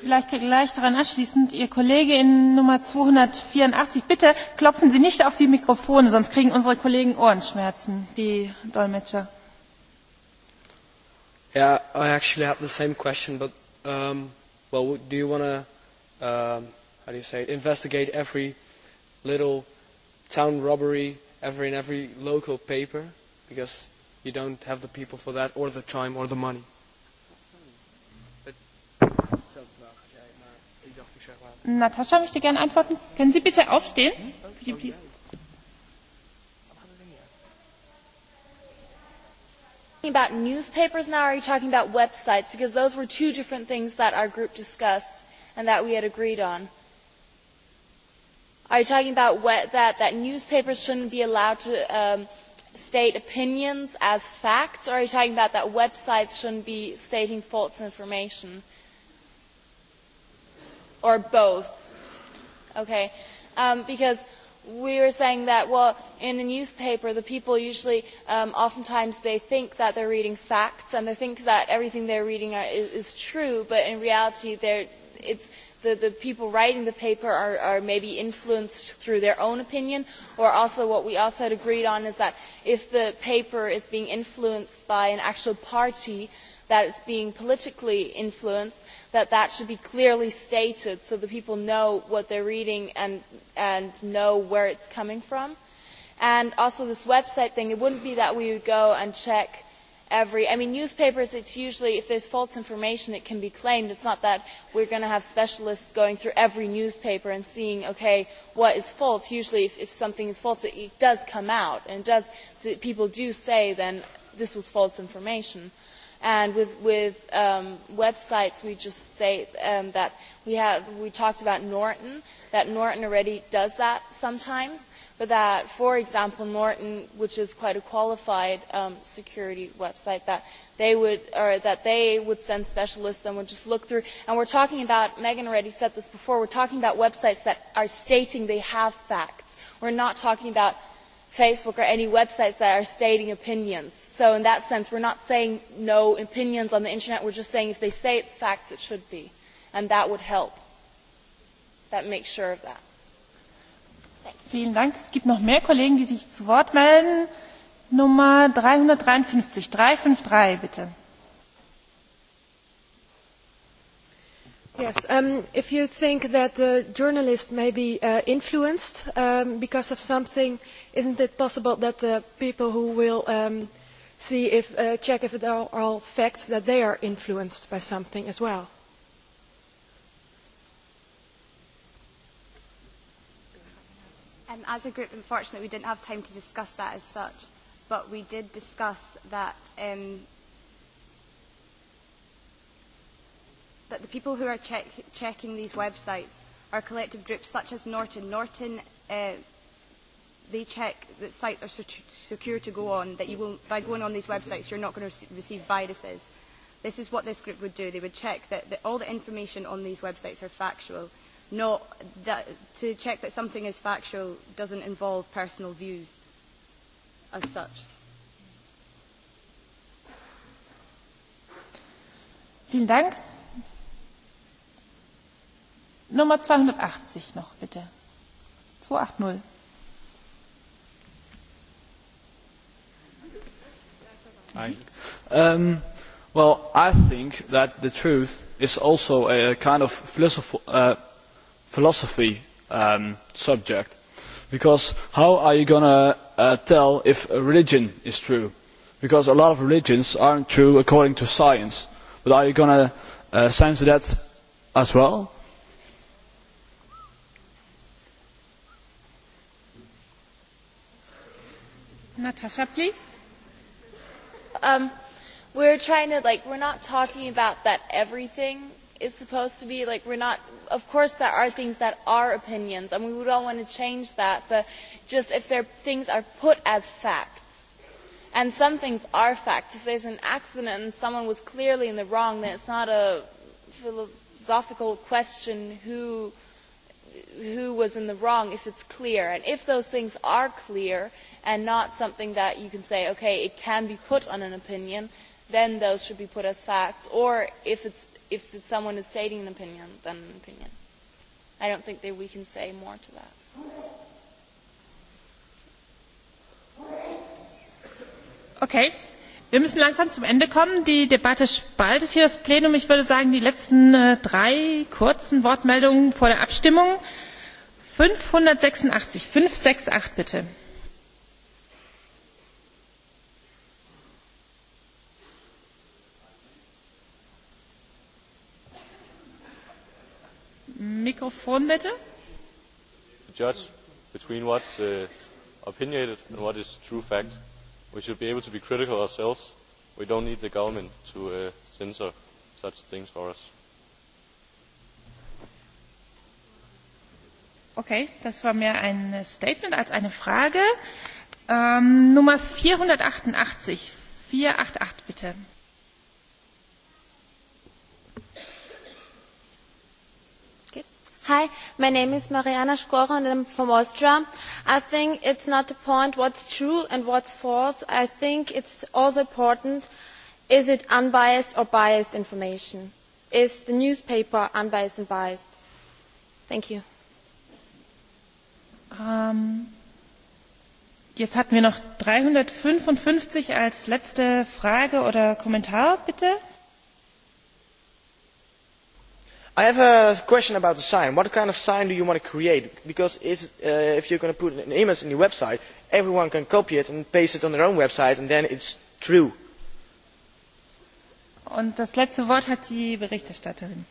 Vielleicht gleich daran anschließend, Ihr Kollege in Nummer 284, bitte klopfen Sie nicht auf die Mikrofone, sonst kriegen unsere Kollegen Ohrenschmerzen, die Dolmetscher. Yeah, I actually had the same question, but um, well, do you want to, um, how do you say, it, investigate every little town robbery every in every local paper because you don't have the people for that, or the time, or the money? Natascha möchte gerne antworten. Können Sie bitte aufstehen? About newspapers now, are you talking about websites? Because those were two different things that our group discussed and that we had agreed on. Are you talking about that that newspapers shouldn't be allowed to state opinions as facts, or are you talking about that websites shouldn't be stating false information? or both? Okay, because we were saying that, well, in a newspaper, the people usually, oftentimes, they think that they're reading facts and they think that everything they're reading is true, but in reality, it's the people writing the paper are maybe influenced through their own opinion, or also what we also had agreed on is that if the paper is being influenced by an actual party, that is being politically influenced, that that should be clearly stated so that people know what they are reading and know where it is coming from. And also this website thing, it wouldn't be that we would go and check every. I mean, newspapers, it's usually, if there's false information, it can be claimed. It's not that we're going to have specialists going through every newspaper and seeing, okay, what is false. Usually, if something is false, it does come out. And people do say, then, this was false information and with with websites we just say that we have we talked about norton that norton already does that sometimes but that for example norton which is quite a qualified security website that they would or that they would send specialists and would just look through and we're talking about megan already said this before we're talking about websites that are stating they have facts we're not talking about Facebook or any websites that are stating opinions. So in that sense, we're not saying no opinions on the internet. We're just saying if they say it's facts, it should be. And that would help. That makes sure of that. Vielen Dank. Es gibt noch mehr Kollegen, die sich zu Wort melden. Nummer 353. 353, bitte. Yes, if you think that a journalist may be influenced because of something, isn't it possible that the people who will see if check if it are all facts that they are influenced by something as well? As a group, unfortunately, we didn't have time to discuss that as such, but we did discuss that that the people who are checking these websites are collective groups such as Norton. Norton, they check that sites are secure to go on, that you will, by going on these websites you're not going to receive viruses. This is what this group would do. They would check that all the information on these websites are factual. Not that, to check that something is factual doesn't involve personal views as such. Vielen Dank. Nummer 280 noch, bitte. 280. Well, I think that the truth is also a kind of philosophy subject, because how are you going to tell if a religion is true? Because a lot of religions aren't true according to science, but are you going to censor that as well? Natasha, please. we're trying to like we're not talking about that everything is supposed to be like we're not. Of course, there are things that are opinions, and we would all want to change that. But just if there things are put as facts, and some things are facts. If there's an accident and someone was clearly in the wrong, then it's not a philosophical question who who was in the wrong if it's clear and if those things are clear and not something that you can say okay it can be put on an opinion then those should be put as facts or if it's if someone is stating an opinion then an opinion i don't think that we can say more to that okay wir müssen langsam zum ende kommen. die debatte spaltet hier das plenum. ich würde sagen die letzten drei kurzen wortmeldungen vor der abstimmung 586, 568 bitte. mikrofon bitte. judge between what's and what is true fact we should be able to be critical ourselves. We don't need the government to censor such things for us. Okay, das war mehr ein Statement als eine Frage. Nummer 488. 488 bitte. Hi, my name is Mariana Skora and I'm from Austria. I think it's not the point what's true and what's false. I think it's also important, is it unbiased or biased information? Is the newspaper unbiased and biased? Thank you. Jetzt hatten wir noch 355 als letzte Frage oder Kommentar, bitte. I have a question about the sign. What kind of sign do you want to create? Because if you're going to put an image on your website, everyone can copy it and paste it on their own website, and then it's true. Und das letzte Wort hat die Berichterstatterin.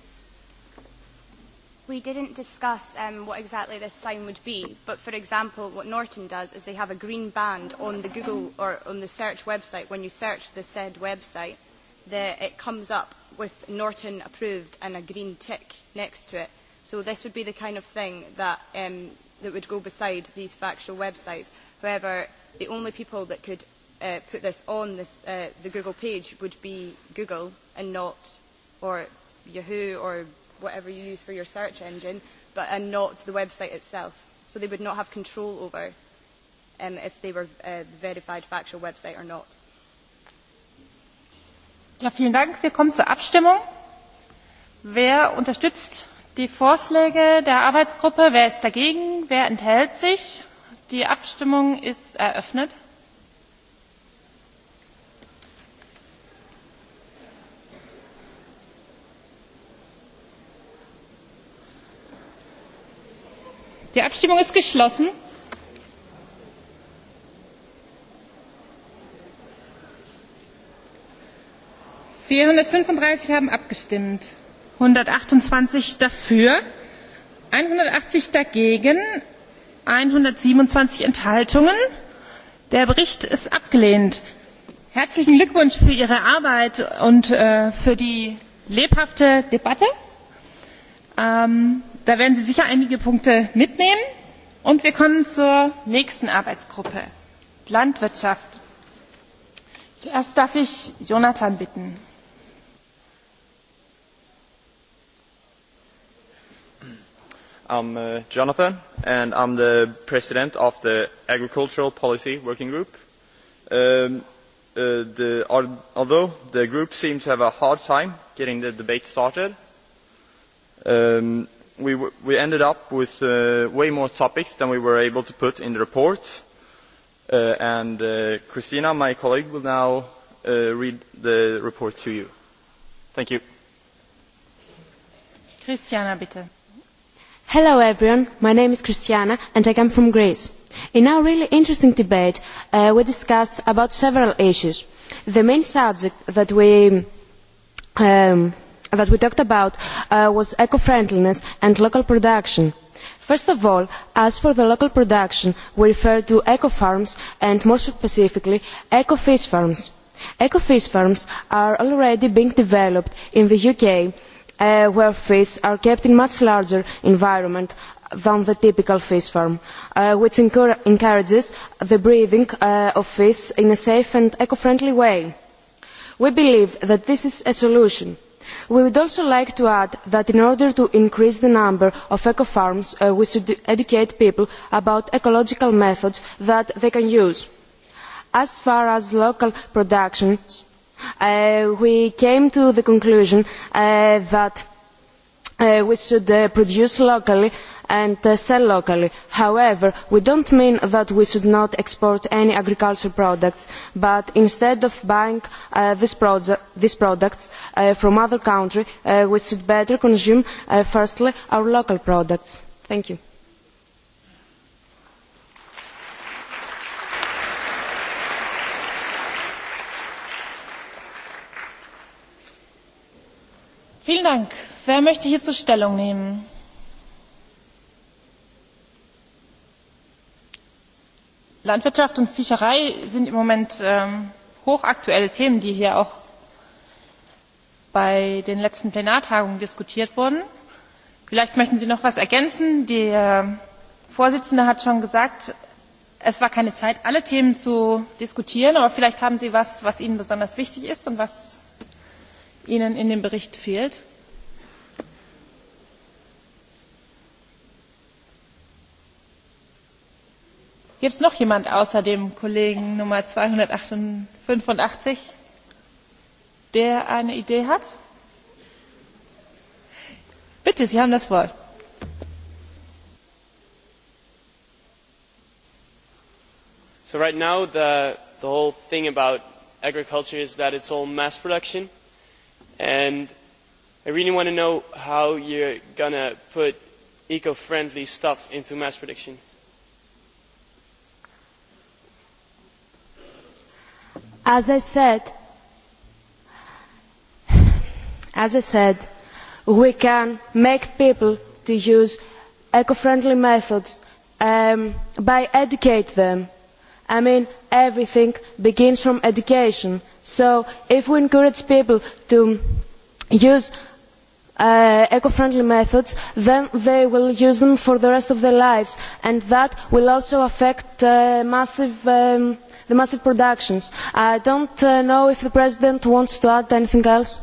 We didn't discuss what exactly this sign would be, but for example, what Norton does is they have a green band on the Google or on the search website. When you search the said website, it comes up with Norton approved and a green tick next to it. So this would be the kind of thing that would go beside these factual websites. However, the only people that could put this on the Google page would be Google and not, or Yahoo or whatever you use for your search engine, but and not the website itself. So they would not have control over if they were a verified factual website or not. Vielen Dank. Wir kommen zur Abstimmung. Wer unterstützt die Vorschläge der Arbeitsgruppe? Wer ist dagegen? Wer enthält sich? Die Abstimmung ist eröffnet. Die Abstimmung ist geschlossen. 435 haben abgestimmt 128 dafür 180 dagegen 127 enthaltungen. der bericht ist abgelehnt. herzlichen glückwunsch für ihre arbeit und für die lebhafte debatte. da werden sie sicher einige punkte mitnehmen. und wir kommen zur nächsten arbeitsgruppe landwirtschaft. zuerst darf ich jonathan bitten. I'm Jonathan, and I'm the president of the Agricultural Policy Working Group. Although the group seems to have a hard time getting the debate started, we ended up with way more topics than we were able to put in the report. And Christina, my colleague, will now read the report to you. Thank you. Christiana, Hello everyone, my name is Christiana and I come from Greece. In our really interesting debate, we discussed about several issues. The main subject that we that we talked about was eco-friendliness and local production. First of all, as for the local production, we refer to eco-farms and more specifically, eco-fish farms. Eco-fish farms are already being developed in the UK where fish are kept in much larger environment than the typical fish farm, which encourages the breeding of fish in a safe and eco-friendly way. We believe that this is a solution. We would also like to add that in order to increase the number of eco-farms, we should educate people about ecological methods that they can use. As far as local production we came to the conclusion that we should produce locally and sell locally. However, we do not mean that we should not export any agricultural products, but instead of buying these products from other countries, we should better consume firstly our local products. Thank you. Vielen Dank. Wer möchte hierzu Stellung nehmen? Landwirtschaft und Fischerei sind im Moment hochaktuelle Themen, die hier auch bei den letzten Plenartagungen diskutiert wurden. Vielleicht möchten Sie noch etwas ergänzen. Der Vorsitzende hat schon gesagt, es war keine Zeit, alle Themen zu diskutieren, aber vielleicht haben Sie etwas, was Ihnen besonders wichtig ist und was Ihnen in dem Bericht fehlt? Gibt es noch jemand außer dem Kollegen Nummer 285, der eine Idee hat? Bitte, Sie haben das Wort. So right now the, the whole thing about agriculture is that it's all mass production and i really want to know how you're going to put eco friendly stuff into mass production. as i said as i said we can make people to use eco friendly methods by educating them. i mean everything begins from education So if we encourage people to use eco-friendly methods, then they will use them for the rest of their lives, and that will also affect the massive productions. I don't know if the President wants to add anything else.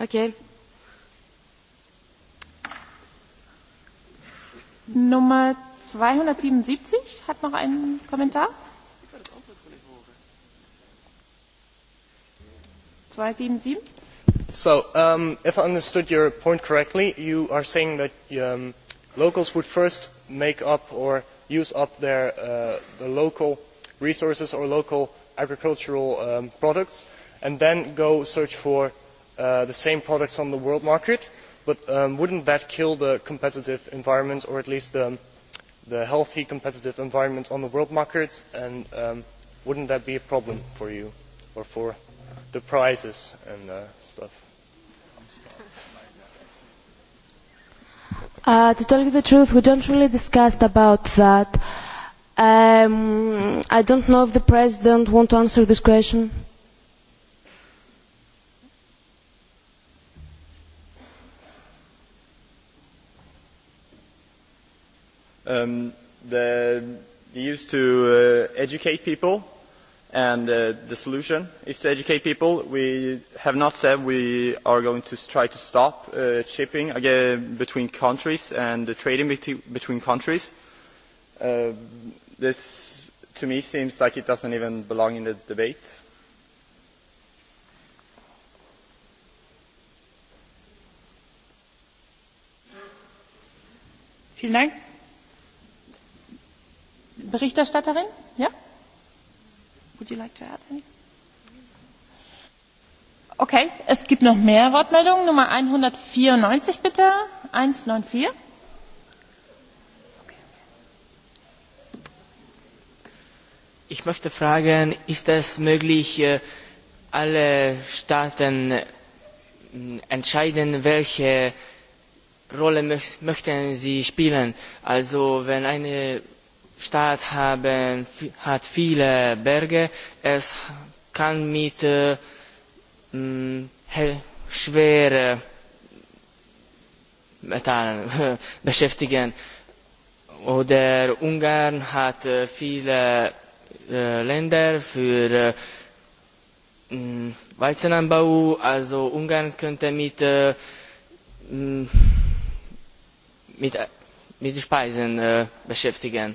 Okay. Nummer 277 hat noch einen Kommentar. So, if I understood your point correctly, you are saying that locals would first make up or use up their local resources or local agricultural products, and then go search for the same products on the world market. But wouldn't that kill the competitive environment, or at least the healthy competitive environment on the world markets And wouldn't that be a problem for you or for the prices and stuff. To tell you the truth, we don't really discuss about that. Um I don't know if the President wants to answer this question. Um They used to educate people and the solution is to educate people. We have not said we are going to try to stop shipping between countries and the trading between countries. This, to me, seems like it doesn't even belong in the debate. Vielen Dank. Berichterstatterin? Would you like to add anything? Okay, es gibt noch mehr Wortmeldungen. Nummer 194 bitte. 194. Ich möchte fragen, ist es möglich, alle Staaten entscheiden, welche Rolle möchten sie spielen? Also wenn eine Staat haben, hat viele Berge. Es kann mit schweren Metallen beschäftigen. Oder Ungarn hat viele Länder für Weizenanbau. Also Ungarn könnte mit mit Speisen beschäftigen.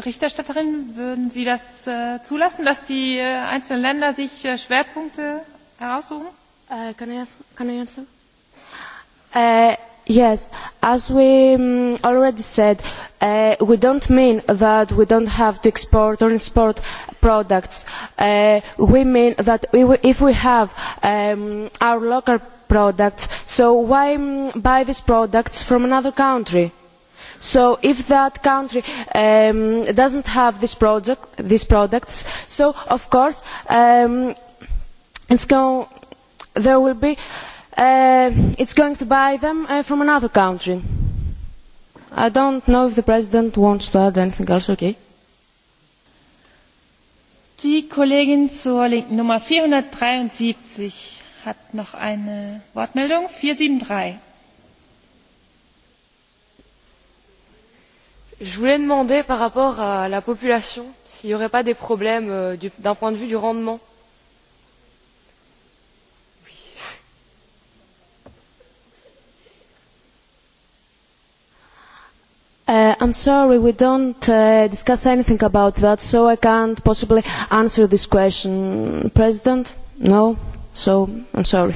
Berichterstatterin, würden Sie das zulassen, dass die einzelnen Länder sich Schwerpunkte heraussuchen? Yes, as we already said, we don't mean that we don't have to export or import products. We mean that if we have our local products, so why buy these products from another country? so if that country doesn't have this project these products so of course it's going there will be it's going to buy them from another country i don't know if the president wants to add anything else okay die kollegin zur linken nummer 473 hat noch eine wortmeldung 473 Je voulais demander par rapport à la population s'il n'y aurait pas des problèmes d'un point de vue du rendement. I'm sorry, we don't discuss anything about that, so I can't possibly answer this question. President? No? So, I'm sorry.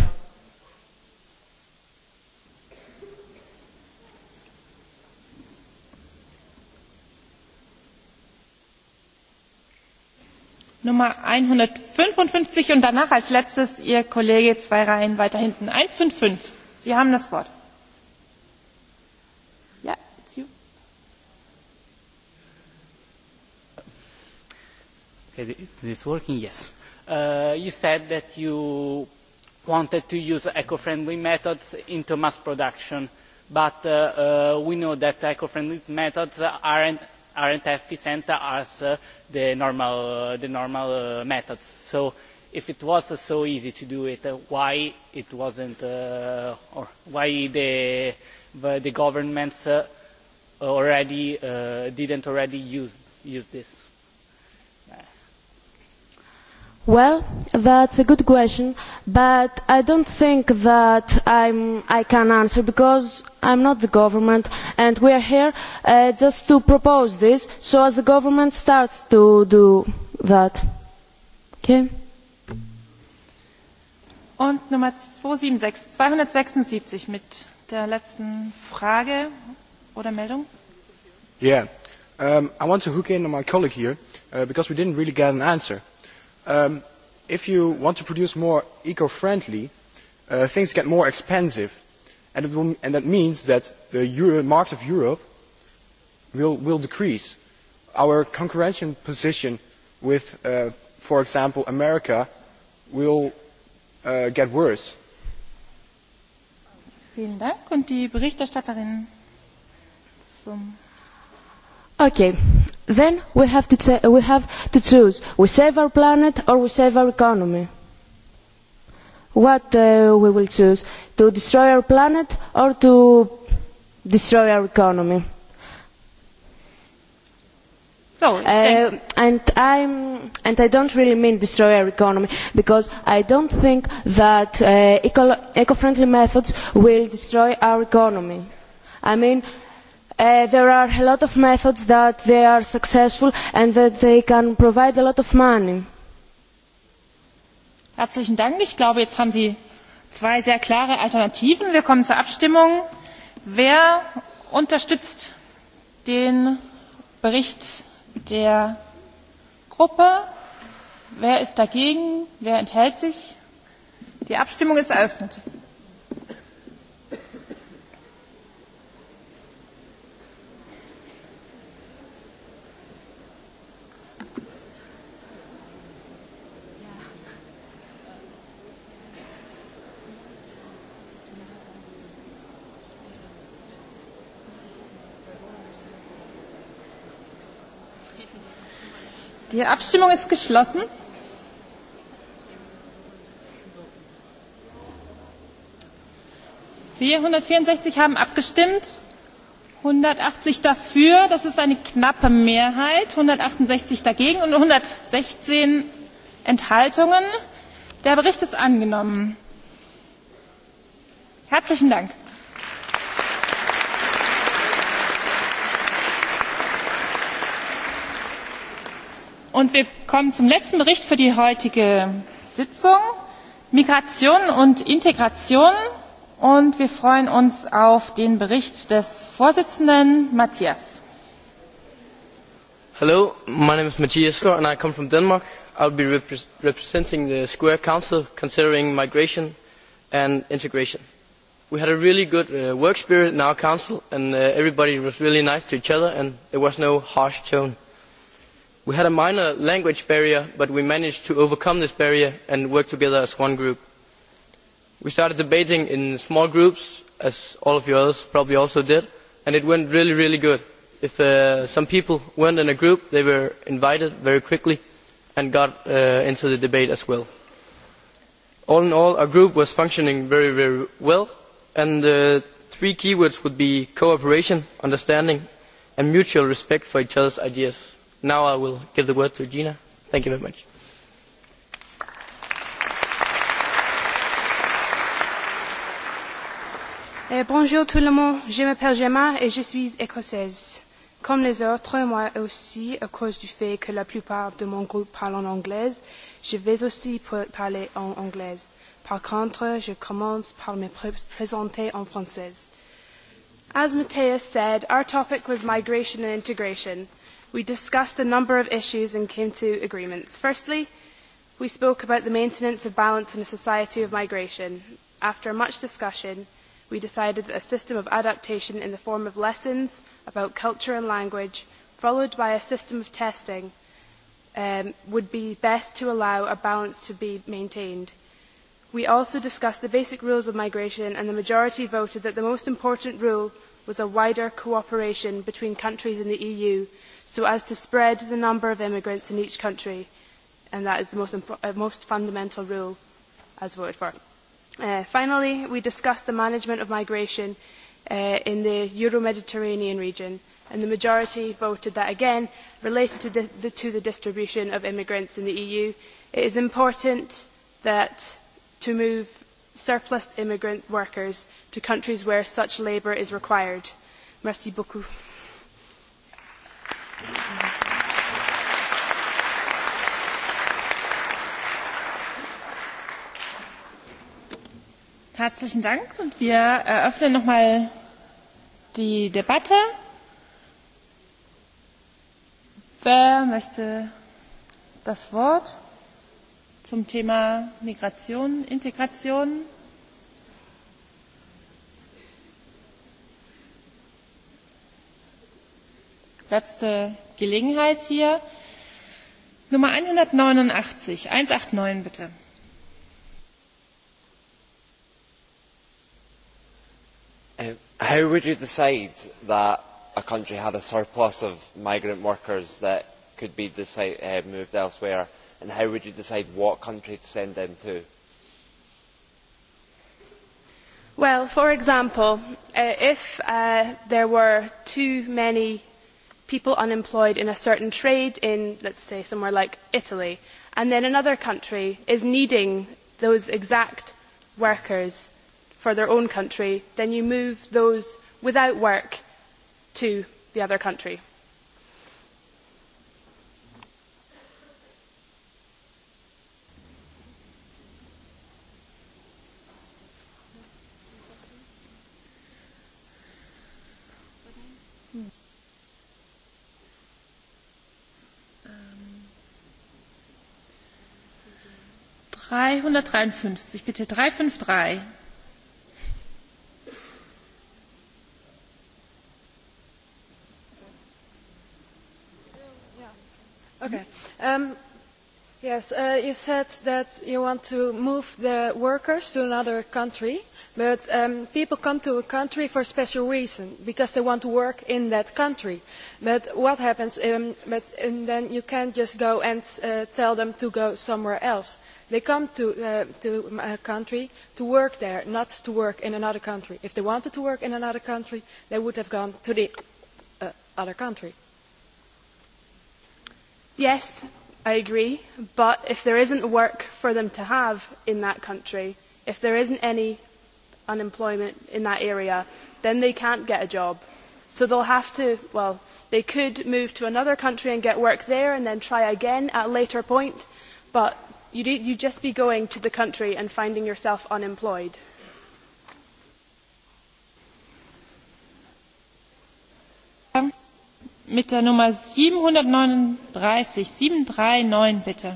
Nummer 155 und danach als letztes Ihr Kollege zwei Reihen weiter hinten. 155. Sie haben das Wort. Ja, you. this working? Yes. you said that you wanted to use eco-friendly methods into mass production, but we know that eco-friendly methods aren't aren't efficient as the normal uh the normal uh methods. So if it was so easy to do it, why it wasn't uh or why the the the governments already uh didn't already use use this? Well, that's a good question, but I don't think that I can answer because I'm not the government and we are here just to propose this, so as the government starts to do that. Okay. Und Nummer 276, 276 mit der letzten Frage oder Meldung. Yeah, I want to hook in on my colleague here because we didn't really get an answer if you want to produce more eco friendly things get more expensive and that means that the market of europe will decrease. our concurrential position with for example america will get worse. Okay. Then we have to we have to choose: we save our planet or we save our economy. What we will choose: to destroy our planet or to destroy our economy. So, and I'm and I don't really mean destroy our economy because I don't think that eco-friendly methods will destroy our economy. I mean There are a lot of methods that they are successful and that they can provide a lot of money. Herzlichen Dank. Ich glaube, jetzt haben Sie zwei sehr klare Alternativen. Wir kommen zur Abstimmung. Wer unterstützt den Bericht der Gruppe? Wer ist dagegen? Wer enthält sich? Die Abstimmung ist eröffnet. Die Abstimmung ist geschlossen. 164 haben abgestimmt 180 dafür das ist eine knappe mehrheit 168 dagegen und 116 enthaltungen. der bericht ist angenommen. herzlichen dank! und wir kommen zum letzten bericht für die heutige sitzung migration und integration und wir freuen uns auf den bericht des vorsitzenden matthias. hello my name is matthias and i come from denmark. i will be representing the square council considering migration and integration. we had a really good work spirit in our council and everybody was really nice to each other and there was no harsh tone we had a minor language barrier but we managed to overcome this barrier and work together as one group. we started debating in small groups as all of you others probably also did and it went really really good. if some people weren't in a group they were invited very quickly and got into the debate as well. all in all our group was functioning very very well and the three keywords would be cooperation understanding and mutual respect for each other's ideas. Now I will give the word to Gina. Thank you very much. Bonjour tout le monde, je m'appelle Gemma et je suis écossaise. Comme les autres, moi aussi, à cause du fait que la plupart de mon groupe parle en anglais, je vais aussi parler en anglais Par contre, je commence par me présenter en française. As Matthias said, our topic was migration and integration we discussed a number of issues and came to agreements. Firstly, we spoke about the maintenance of balance in a society of migration. After much discussion, we decided that a system of adaptation in the form of lessons about culture and language, followed by a system of testing, would be best to allow a balance to be maintained. We also discussed the basic rules of migration, and the majority voted that the most important rule was a wider cooperation between countries in the EU so as to spread the number of immigrants in each country, and that is the most fundamental rule as voted for. Finally, we discussed the management of migration in the Euro-Mediterranean region, and the majority voted that, again, related to the distribution of immigrants in the EU, it is important that to move surplus immigrant workers to countries where such labour is required. Merci beaucoup. Herzlichen Dank. Und wir eröffnen noch mal die Debatte. Wer möchte das Wort zum Thema Migration, Integration? letzte Gelegenheit hier. Nummer 189, 189 bitte. How would you decide that a country had a surplus of migrant workers that could be moved elsewhere, and how would you decide what country to send them to? Well, for example, if there were too many people unemployed in a certain trade in, let's say, somewhere like Italy, and then another country is needing those exact workers for their own country, then you move those without work to the other country. 353, bitte 353. Okay. Um, Yes, you said that you want to move the workers to another country, but people come to a country for a special reason, because they want to work in that country. But what happens? then you can't just go and tell them to go somewhere else. They come to a country to work there, not to work in another country. If they wanted to work in another country, they would have gone to the other country. Yes I agree, but if there isn't work for them to have in that country, if there isn't any unemployment in that area, then they can't get a job. So they'll have to, well, they could move to another country and get work there and then try again at a later point, but you you'd just be going to the country and finding yourself unemployed. mit der bitte.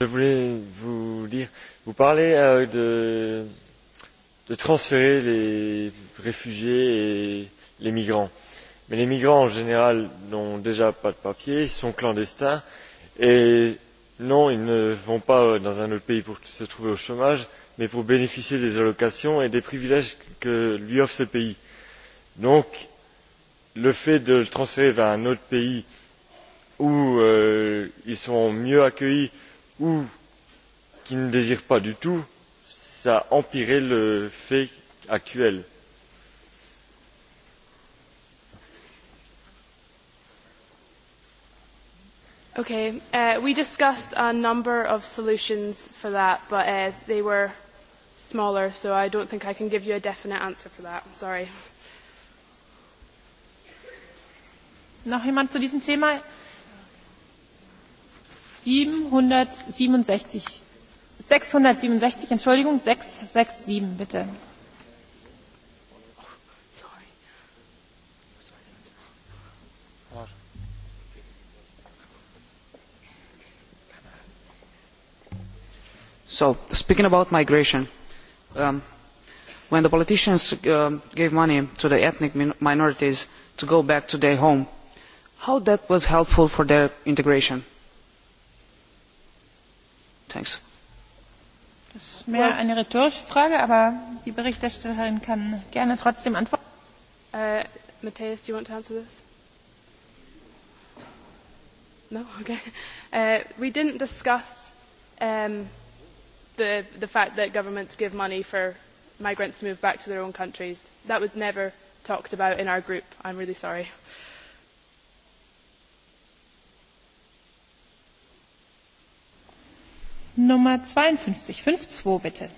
Je voulais vous dire, vous parlez de, de transférer les réfugiés et les migrants. Mais les migrants en général n'ont déjà pas de papier, ils sont clandestins et non, ils ne vont pas dans un autre pays pour se trouver au chômage mais pour bénéficier des allocations et des privilèges que lui offre ce pays. donc le fait de le transférer vers un autre pays où ils sont mieux accueillis ou qui ne désirent pas du tout cela empirerait le fait actuel. Okay. We discussed a number of solutions for that, but they were smaller, so I don't think I can give you a definite answer for that. Sorry. Noch jemand zu diesem Thema? 767. 667, Entschuldigung, 667, bitte. So, speaking about migration, when the politicians gave money to the ethnic minorities to go back to their home, how that was helpful for their integration? Thanks. Das ist mehr eine rhetorische Frage, aber die Berichterstatterin kann gerne trotzdem antworten. Uh, Matthias, do you want to answer this? No? Okay. we didn't discuss um, the fact that governments give money for migrants to move back to their own countries. That was never talked about in our group. I'm really sorry. Nummer 52, 52 bitte.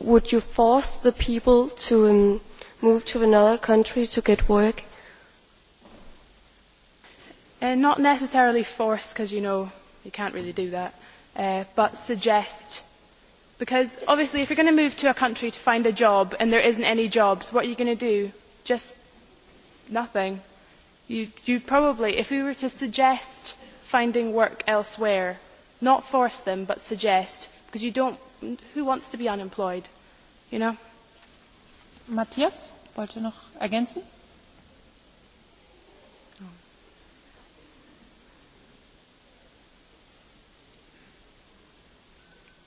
Would you force the people to move to another country to get work? Not necessarily force, because you know you can't really do that, but suggest. Because obviously if you're going to move to a country to find a job and there isn't any jobs, what are you going to do? Just nothing. You probably, if we were to suggest finding work elsewhere, not force them, but suggest, because you don't, who wants to be unemployed, you know? Matthias, wollte noch ergänzen?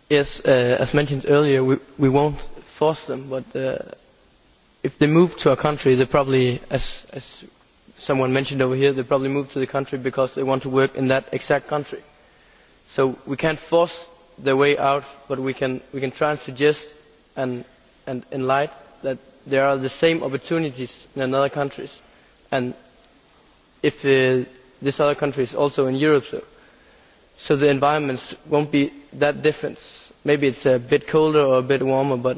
Yes, as mentioned earlier, we won't force them, but if they move to a country, they probably, as someone mentioned over here, they probably move to the country because they want to work in that exact country. So we can't force their way out, but we can try and suggest and enlighten that there are the same opportunities in other countries, and if this other country is also in Europe, so the environments won't be that difference. Maybe it's a bit colder or a bit warmer, but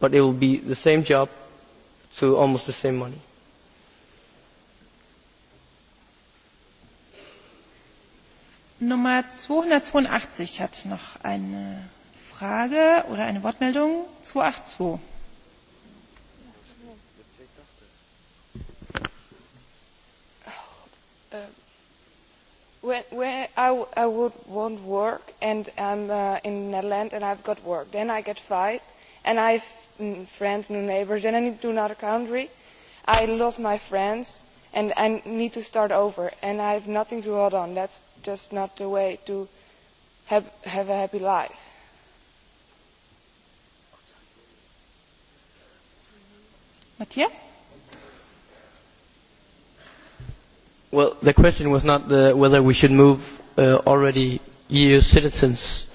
but it will be the same job to almost the same money. Nummer 282 hat noch eine Frage oder eine Wortmeldung. 282. When I I would want work and I'm in Netherlands and I've got work, then I get fired and I have friends, new neighbors, then I need to another country. I lost my friends and I need to start over and I have nothing to hold on. That's just not the way to have have a happy life. Matthias? Well, the question was not whether we should move already EU citizens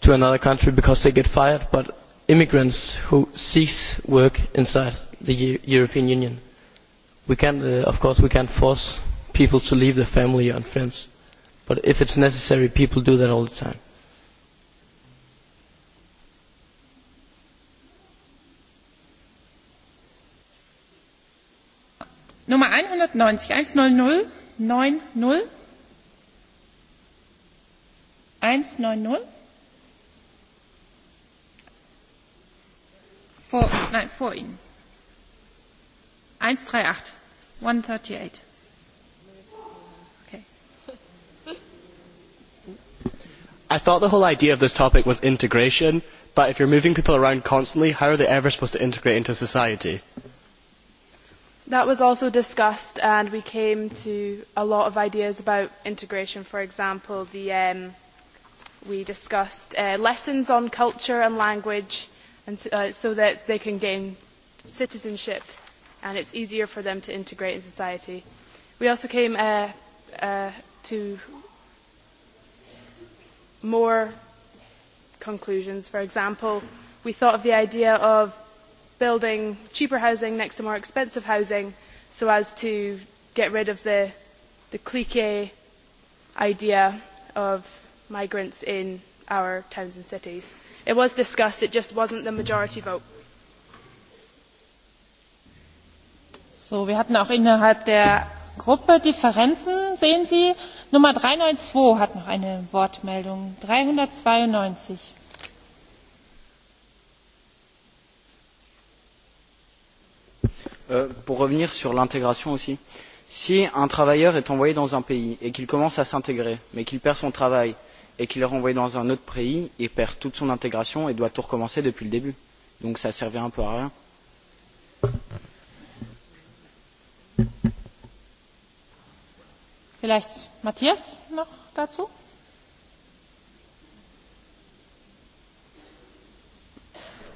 to another country because they get fired, but immigrants who cease work inside the European Union. We of course, we can't force people to leave their family and friends, but if it's necessary, people do that all the time. Nummer 190, 100, 90, 190. Vor, nein, vor Ihnen. 138, 138. I thought the whole idea of this topic was integration, but if you're moving people around constantly, how are they ever supposed to integrate into society? That was also discussed and we came to a lot of ideas about integration. For example, we discussed lessons on culture and language so that they can gain citizenship and it's easier for them to integrate in society. We also came to more conclusions. For example, we thought of the idea of building cheaper housing next to more expensive housing so as to get rid of the the clique idea of migrants in our towns and cities. It was discussed, it just wasn't the majority vote. So, wir hatten auch innerhalb der Gruppe Differenzen, sehen Sie. Nummer 392 hat noch eine Wortmeldung. 392. pour revenir sur l'intégration aussi si un travailleur est envoyé dans un pays et qu'il commence à s'intégrer mais qu'il perd son travail et qu'il est renvoyé dans un autre pays il perd toute son intégration et doit tout recommencer depuis le début donc ça servait un peu à rien. matthias noch dazu?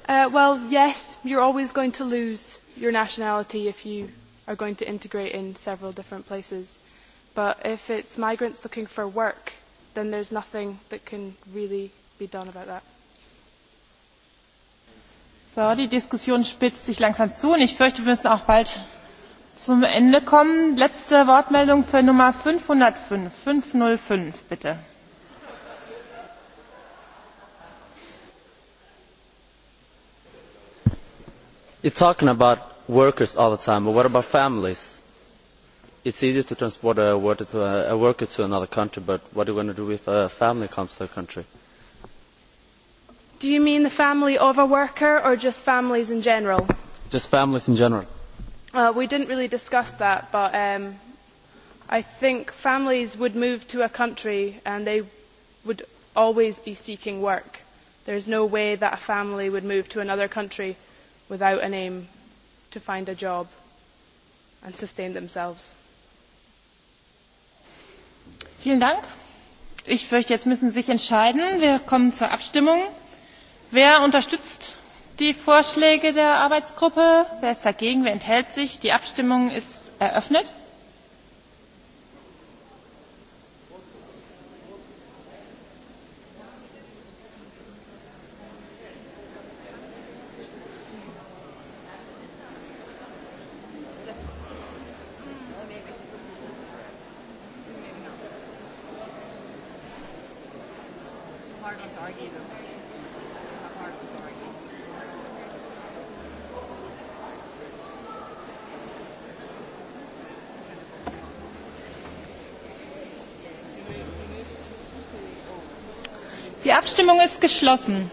Well, yes, you're always going to lose your nationality if you are going to integrate in several different places. But if it's migrants looking for work, then there's nothing that can really be done about that. So, die Diskussion spitzt sich langsam zu und ich fürchte, wir müssen auch bald zum Ende kommen. Letzte Wortmeldung für Nummer 505. 505, bitte. You're talking about workers all the time, but what about families? It's easy to transport a worker to another country, but what are you going to do if a family comes to a country? Do you mean the family of a worker or just families in general? Just families in general. We didn't really discuss that, but I think families would move to a country and they would always be seeking work. There is no way that a family would move to another country without a name to find a job and sustain themselves. Vielen Dank. Ich fürchte, jetzt müssen Sie sich entscheiden. Wir kommen zur Abstimmung. Wer unterstützt die Vorschläge der Arbeitsgruppe? Wer ist dagegen? Wer enthält sich? Die Abstimmung ist eröffnet. Abstimmung ist geschlossen.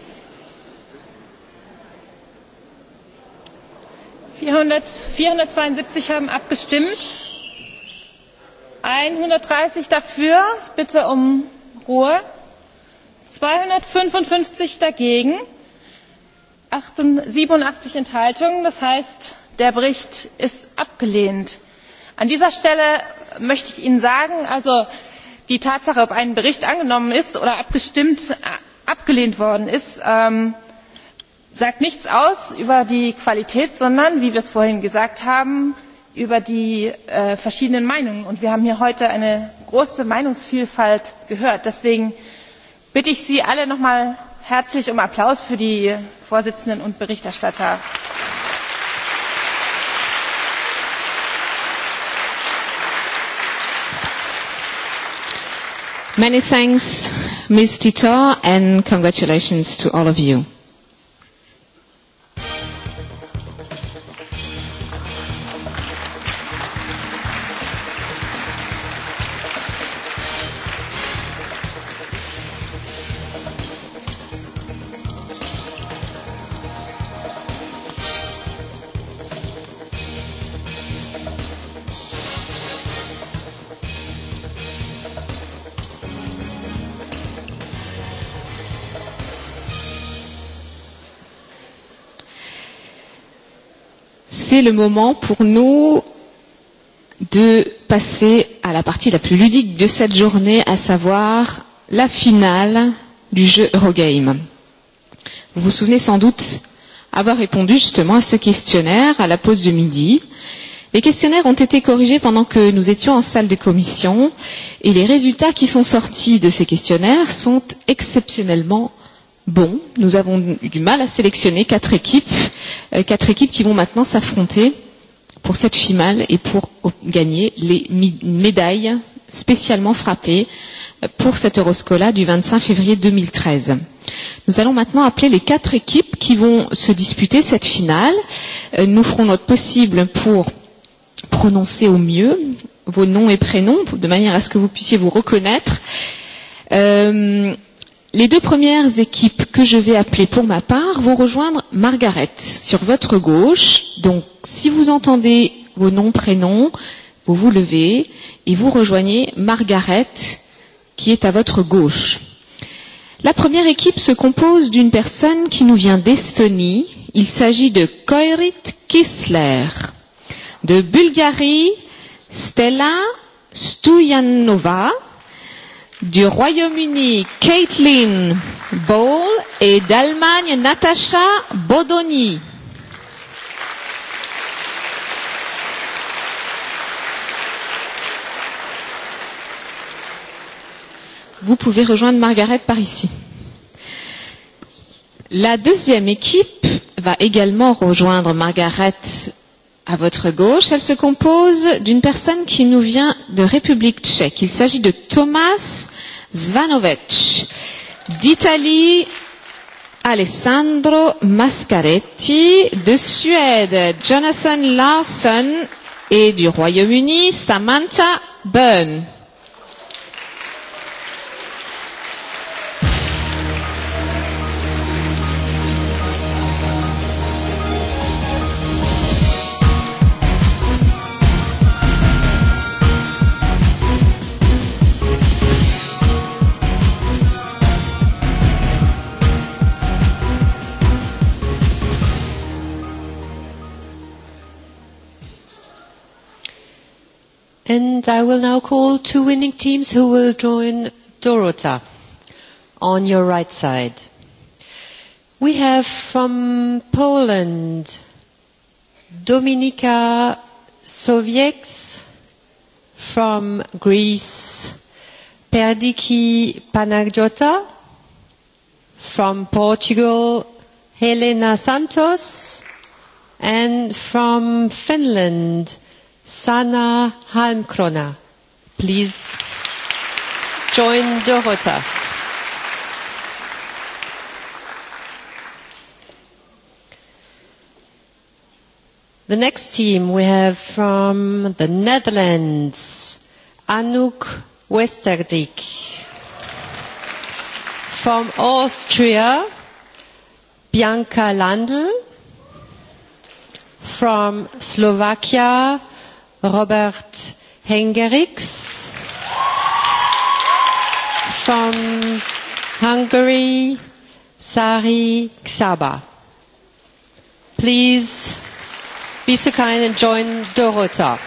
472 haben abgestimmt. 130 dafür. Ich bitte um Ruhe. 255 dagegen. 87 Enthaltungen. Das heißt, der Bericht ist abgelehnt. An dieser Stelle möchte ich Ihnen sagen, also die tatsache ob ein bericht angenommen ist oder abgelehnt worden ist sagt nichts aus über die qualität sondern wie wir es vorhin gesagt haben über die verschiedenen meinungen. und wir haben hier heute eine große meinungsvielfalt gehört. deswegen bitte ich sie alle noch einmal herzlich um applaus für die vorsitzenden und berichterstatter. Many thanks, Ms. Titor, and congratulations to all of you. c'est le moment pour nous de passer à la partie la plus ludique de cette journée, à savoir la finale du jeu Eurogame. Vous vous souvenez sans doute avoir répondu justement à ce questionnaire à la pause de midi. Les questionnaires ont été corrigés pendant que nous étions en salle de commission et les résultats qui sont sortis de ces questionnaires sont exceptionnellement Bon, nous avons eu du mal à sélectionner quatre équipes, quatre équipes qui vont maintenant s'affronter pour cette finale et pour gagner les médailles spécialement frappées pour cette Euroscola du 25 février 2013. Nous allons maintenant appeler les quatre équipes qui vont se disputer cette finale. Nous ferons notre possible pour prononcer au mieux vos noms et prénoms de manière à ce que vous puissiez vous reconnaître. Les deux premières équipes que je vais appeler pour ma part vont rejoindre Margaret sur votre gauche. Donc, si vous entendez vos noms, prénoms, vous vous levez et vous rejoignez Margaret qui est à votre gauche. La première équipe se compose d'une personne qui nous vient d'Estonie. Il s'agit de Koirit Kisler. De Bulgarie, Stella Stoyanova du Royaume-Uni Caitlin Ball et d'Allemagne Natacha Bodoni. Vous pouvez rejoindre Margaret par ici. La deuxième équipe va également rejoindre Margaret À votre gauche, elle se compose d'une personne qui nous vient de République tchèque. Il s'agit de Thomas Zvanovic. D'Italie, Alessandro Mascaretti. De Suède, Jonathan Larson. Et du Royaume-Uni, Samantha Byrne. And I will now call two winning teams who will join Dorota on your right side. We have from Poland Dominika Sowieks, from Greece Perdiki Panagiota, from Portugal Helena Santos, and from Finland Sana Halmkrona. Please join Dorota. The next team we have from the Netherlands, Anouk Westerdijk. From Austria, Bianca Landl. From Slovakia, Robert Hengerix from Hungary, Sari Xaba. Please be so kind and join Dorota.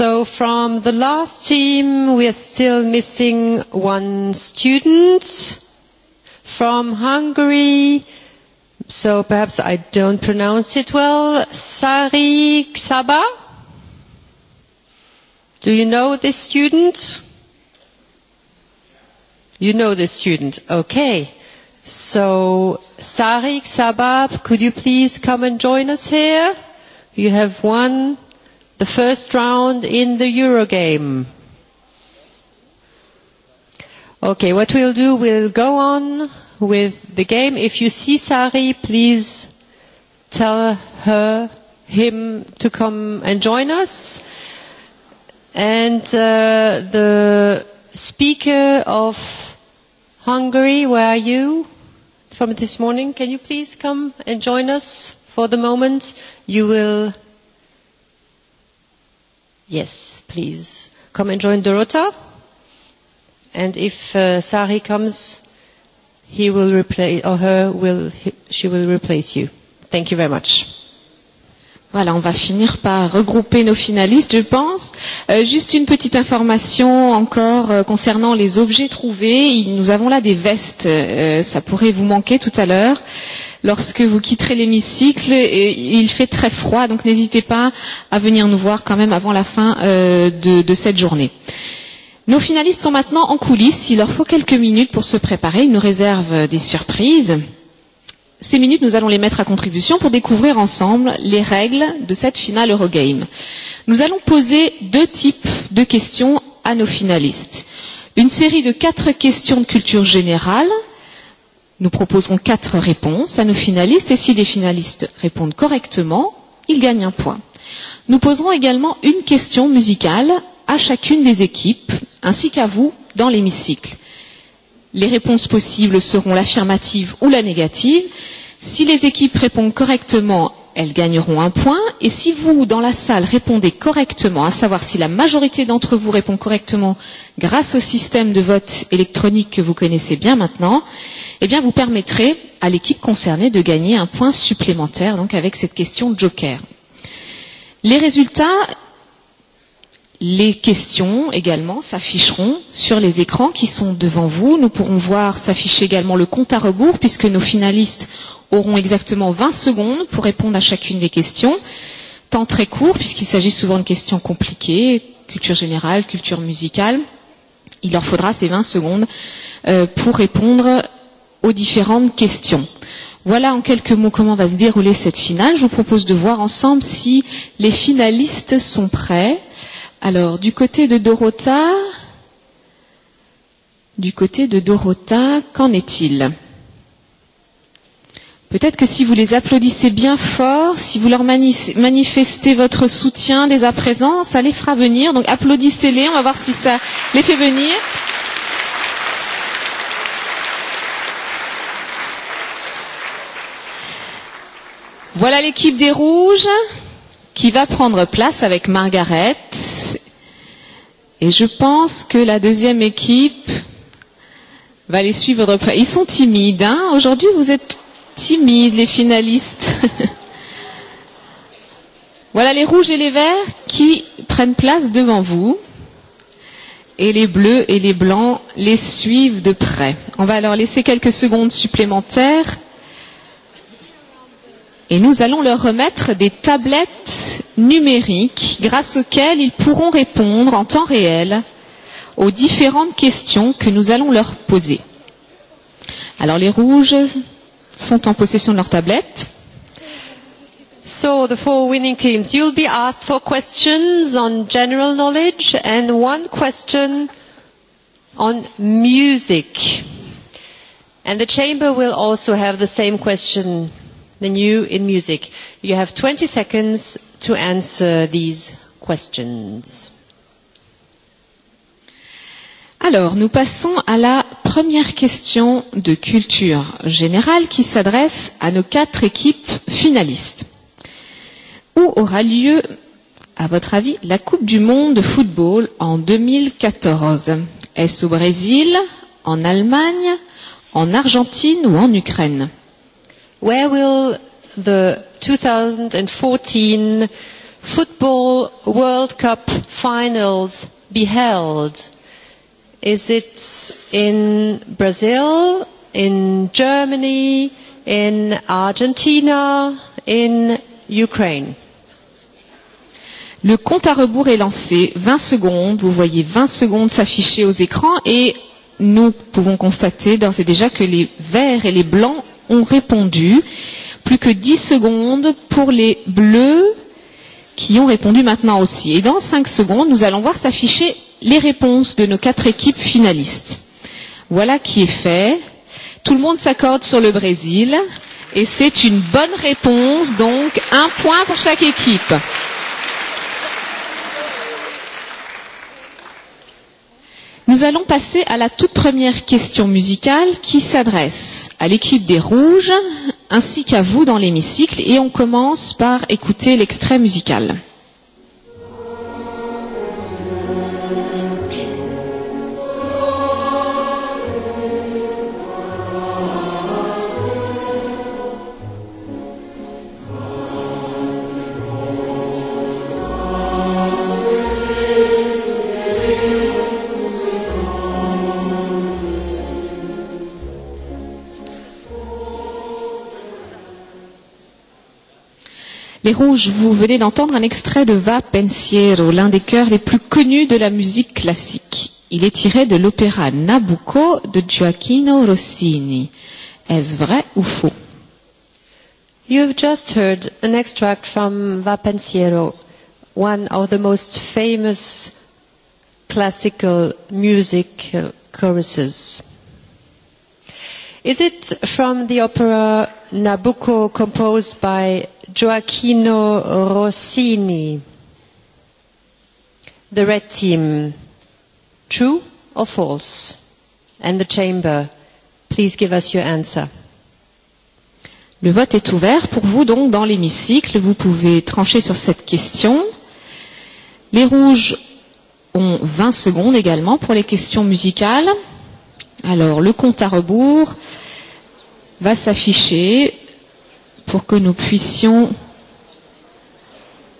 So from the last team, we are still missing one student from Hungary. So perhaps I don't pronounce it well. Sari Do you know this student? You know this student. Okay. So Sari Xaba, could you please come and join us here? You have one the first round in the Eurogame. Okay, what we'll do, we'll go on with the game. If you see Sari, please tell her, him to come and join us. And the speaker of Hungary, where are you from this morning? Can you please come and join us for the moment? You will Yes, please. Come and join Dorota. And if Sari comes, he will replace, or her will, she will replace you. Thank you very much. Voilà, on va finir par regrouper nos finalistes, je pense. Juste une petite information encore concernant les objets trouvés. Nous avons là des vestes. Ça pourrait vous manquer tout à l'heure lorsque vous quitterez l'hémicycle. Il fait très froid, donc n'hésitez pas à venir nous voir quand même avant la fin de cette journée. Nos finalistes sont maintenant en coulisses. Il leur faut quelques minutes pour se préparer. Ils nous réservent des surprises. Ces minutes, nous allons les mettre à contribution pour découvrir ensemble les règles de cette finale Eurogame. Nous allons poser deux types de questions à nos finalistes. Une série de quatre questions de culture générale Nous proposerons quatre réponses à nos finalistes et si les finalistes répondent correctement, ils gagnent un point. Nous poserons également une question musicale à chacune des équipes, ainsi qu'à vous, dans l'hémicycle. Les réponses possibles seront l'affirmative ou la négative. Si les équipes répondent correctement elles gagneront un point. Et si vous, dans la salle, répondez correctement, à savoir si la majorité d'entre vous répond correctement grâce au système de vote électronique que vous connaissez bien maintenant, eh bien, vous permettrez à l'équipe concernée de gagner un point supplémentaire, donc avec cette question joker. Les résultats Les questions également s'afficheront sur les écrans qui sont devant vous. Nous pourrons voir s'afficher également le compte à rebours puisque nos finalistes auront exactement 20 secondes pour répondre à chacune des questions. Temps très court puisqu'il s'agit souvent de questions compliquées, culture générale, culture musicale. Il leur faudra ces 20 secondes pour répondre aux différentes questions. Voilà en quelques mots comment va se dérouler cette finale. Je vous propose de voir ensemble si les finalistes sont prêts. Alors, du côté de Dorota, du côté de Dorota, qu'en est-il Peut-être que si vous les applaudissez bien fort, si vous leur manifestez votre soutien dès à présent, ça les fera venir. Donc applaudissez-les, on va voir si ça les fait venir. Voilà l'équipe des Rouges qui va prendre place avec Margaret. Et je pense que la deuxième équipe va les suivre. Ils sont timides. Hein Aujourd'hui, vous êtes timides, les finalistes. voilà les rouges et les verts qui prennent place devant vous. Et les bleus et les blancs les suivent de près. On va leur laisser quelques secondes supplémentaires et nous allons leur remettre des tablettes numériques grâce auxquelles ils pourront répondre en temps réel aux différentes questions que nous allons leur poser. Alors les rouges sont en possession de leurs tablettes. So the four winning teams, you'll be asked four questions on general knowledge and one question on music. And the chamber will also have the same question the new in music. You have 20 seconds to answer these questions. Alors, nous passons à la première question de culture générale qui s'adresse à nos quatre équipes finalistes. Où aura lieu, à votre avis, la Coupe du Monde de football en 2014 Est-ce au Brésil, en Allemagne, en Argentine ou en Ukraine Where will the 2014 Football World Cup finals be held? Is it in Brazil, in Germany, in Argentina, in Ukraine? Le compte à rebours est lancé. 20 secondes. Vous voyez 20 secondes s'afficher aux écrans et nous pouvons constater d'ores et déjà que les verts et les blancs ont répondu. Plus que 10 secondes pour les bleus qui ont répondu maintenant aussi. Et dans 5 secondes, nous allons voir s'afficher les réponses de nos quatre équipes finalistes. Voilà qui est fait. Tout le monde s'accorde sur le Brésil. Et c'est une bonne réponse, donc un point pour chaque équipe. Nous allons passer à la toute première question musicale qui s'adresse à l'équipe des Rouges ainsi qu'à vous dans l'hémicycle et on commence par écouter l'extrait musical. Tapis vous venez d'entendre un extrait de Va Pensiero, l'un des chœurs les plus connus de la musique classique. Il est tiré de l'opéra Nabucco de Gioacchino Rossini. Est-ce vrai ou faux You've just heard an extract from Va Pensiero, one of the most famous classical music choruses. Is it from the opera Nabucco composed by Gioacchino Rossini. The red team, true or false? And the chamber, please give us your answer. Le vote est ouvert pour vous donc dans l'hémicycle. Vous pouvez trancher sur cette question. Les rouges ont 20 secondes également pour les questions musicales. Alors le compte à rebours va s'afficher pour que nous puissions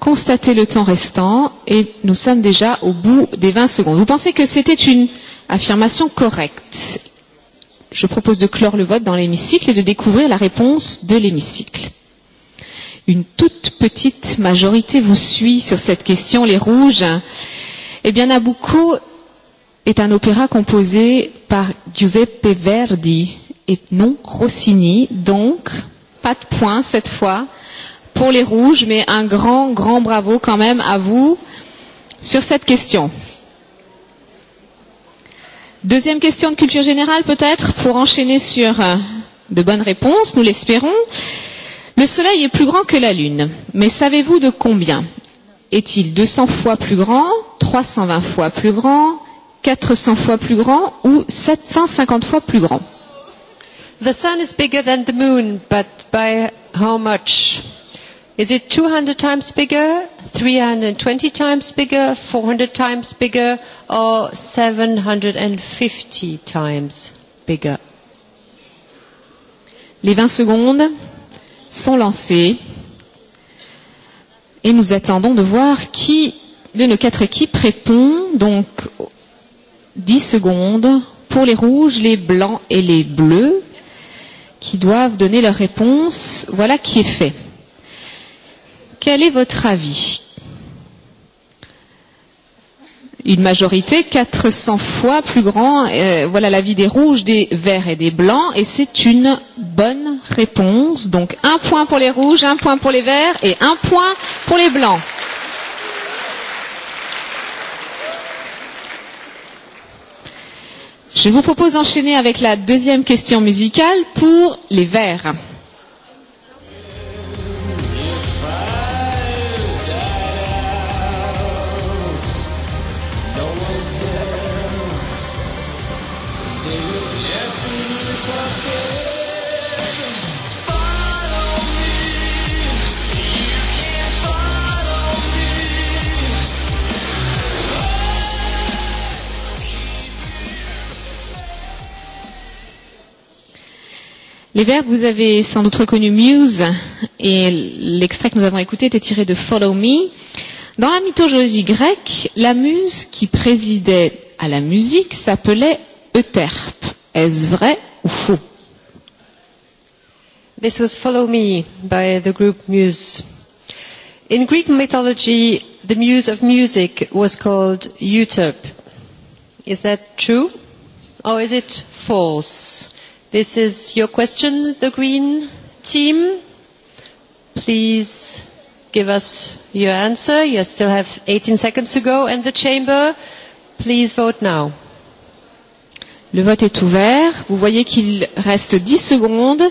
constater le temps restant et nous sommes déjà au bout des 20 secondes. Vous pensez que c'était une affirmation correcte Je propose de clore le vote dans l'hémicycle et de découvrir la réponse de l'hémicycle. Une toute petite majorité vous suit sur cette question, les rouges. Eh bien, Nabucco est un opéra composé par Giuseppe Verdi et non Rossini, donc Pas de points cette fois pour les rouges, mais un grand, grand bravo quand même à vous sur cette question. Deuxième question de culture générale peut-être pour enchaîner sur de bonnes réponses, nous l'espérons. Le Soleil est plus grand que la Lune, mais savez-vous de combien Est-il 200 fois plus grand, 320 fois plus grand, 400 fois plus grand ou 750 fois plus grand The sun is bigger than the moon, but by how much? Is it 200 times bigger, 320 times bigger, 400 times bigger, or 750 times bigger? Les 20 secondes sont lancées et nous attendons de voir qui de nos quatre équipes répond. Donc 10 secondes pour les rouges, les blancs et les bleus qui doivent donner leur réponse. Voilà qui est fait. Quel est votre avis Une majorité 400 fois plus grand. Voilà l'avis des rouges, des verts et des blancs. Et c'est une bonne réponse. Donc un point pour les rouges, un point pour les verts et un point pour les blancs. Je vous propose d'enchaîner avec la deuxième question musicale pour les verts. Les Verts, vous avez sans doute reconnu Muse, et l'extrait que nous avons écouté était tiré de Follow Me. Dans la mythologie grecque, la muse qui présidait à la musique s'appelait Euterpe. Est-ce vrai ou faux This was Follow Me by the group Muse. In Greek mythology, the muse of music was called Euterpe. Is that true or is it false This is your question, the Green team. Please give us your answer. You still have 18 seconds to go. And the chamber, please vote now. Le vote est ouvert. Vous voyez qu'il reste 10 secondes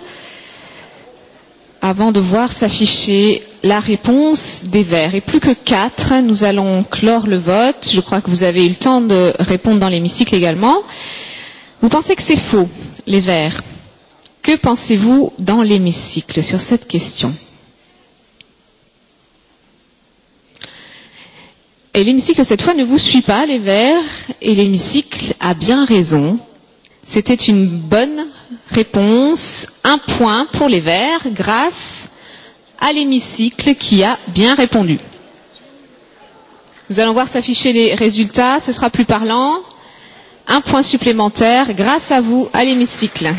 avant de voir s'afficher la réponse des verts. Et plus que 4, nous allons clore le vote. Je crois que vous avez eu le temps de répondre dans l'hémicycle également. Vous pensez que c'est faux Les Verts. Que pensez-vous dans l'hémicycle sur cette question Et l'hémicycle, cette fois, ne vous suit pas, les Verts, et l'hémicycle a bien raison. C'était une bonne réponse, un point pour les Verts, grâce à l'hémicycle qui a bien répondu. Nous allons voir s'afficher les résultats, ce sera plus parlant un point supplémentaire grâce à vous à l'hémicycle.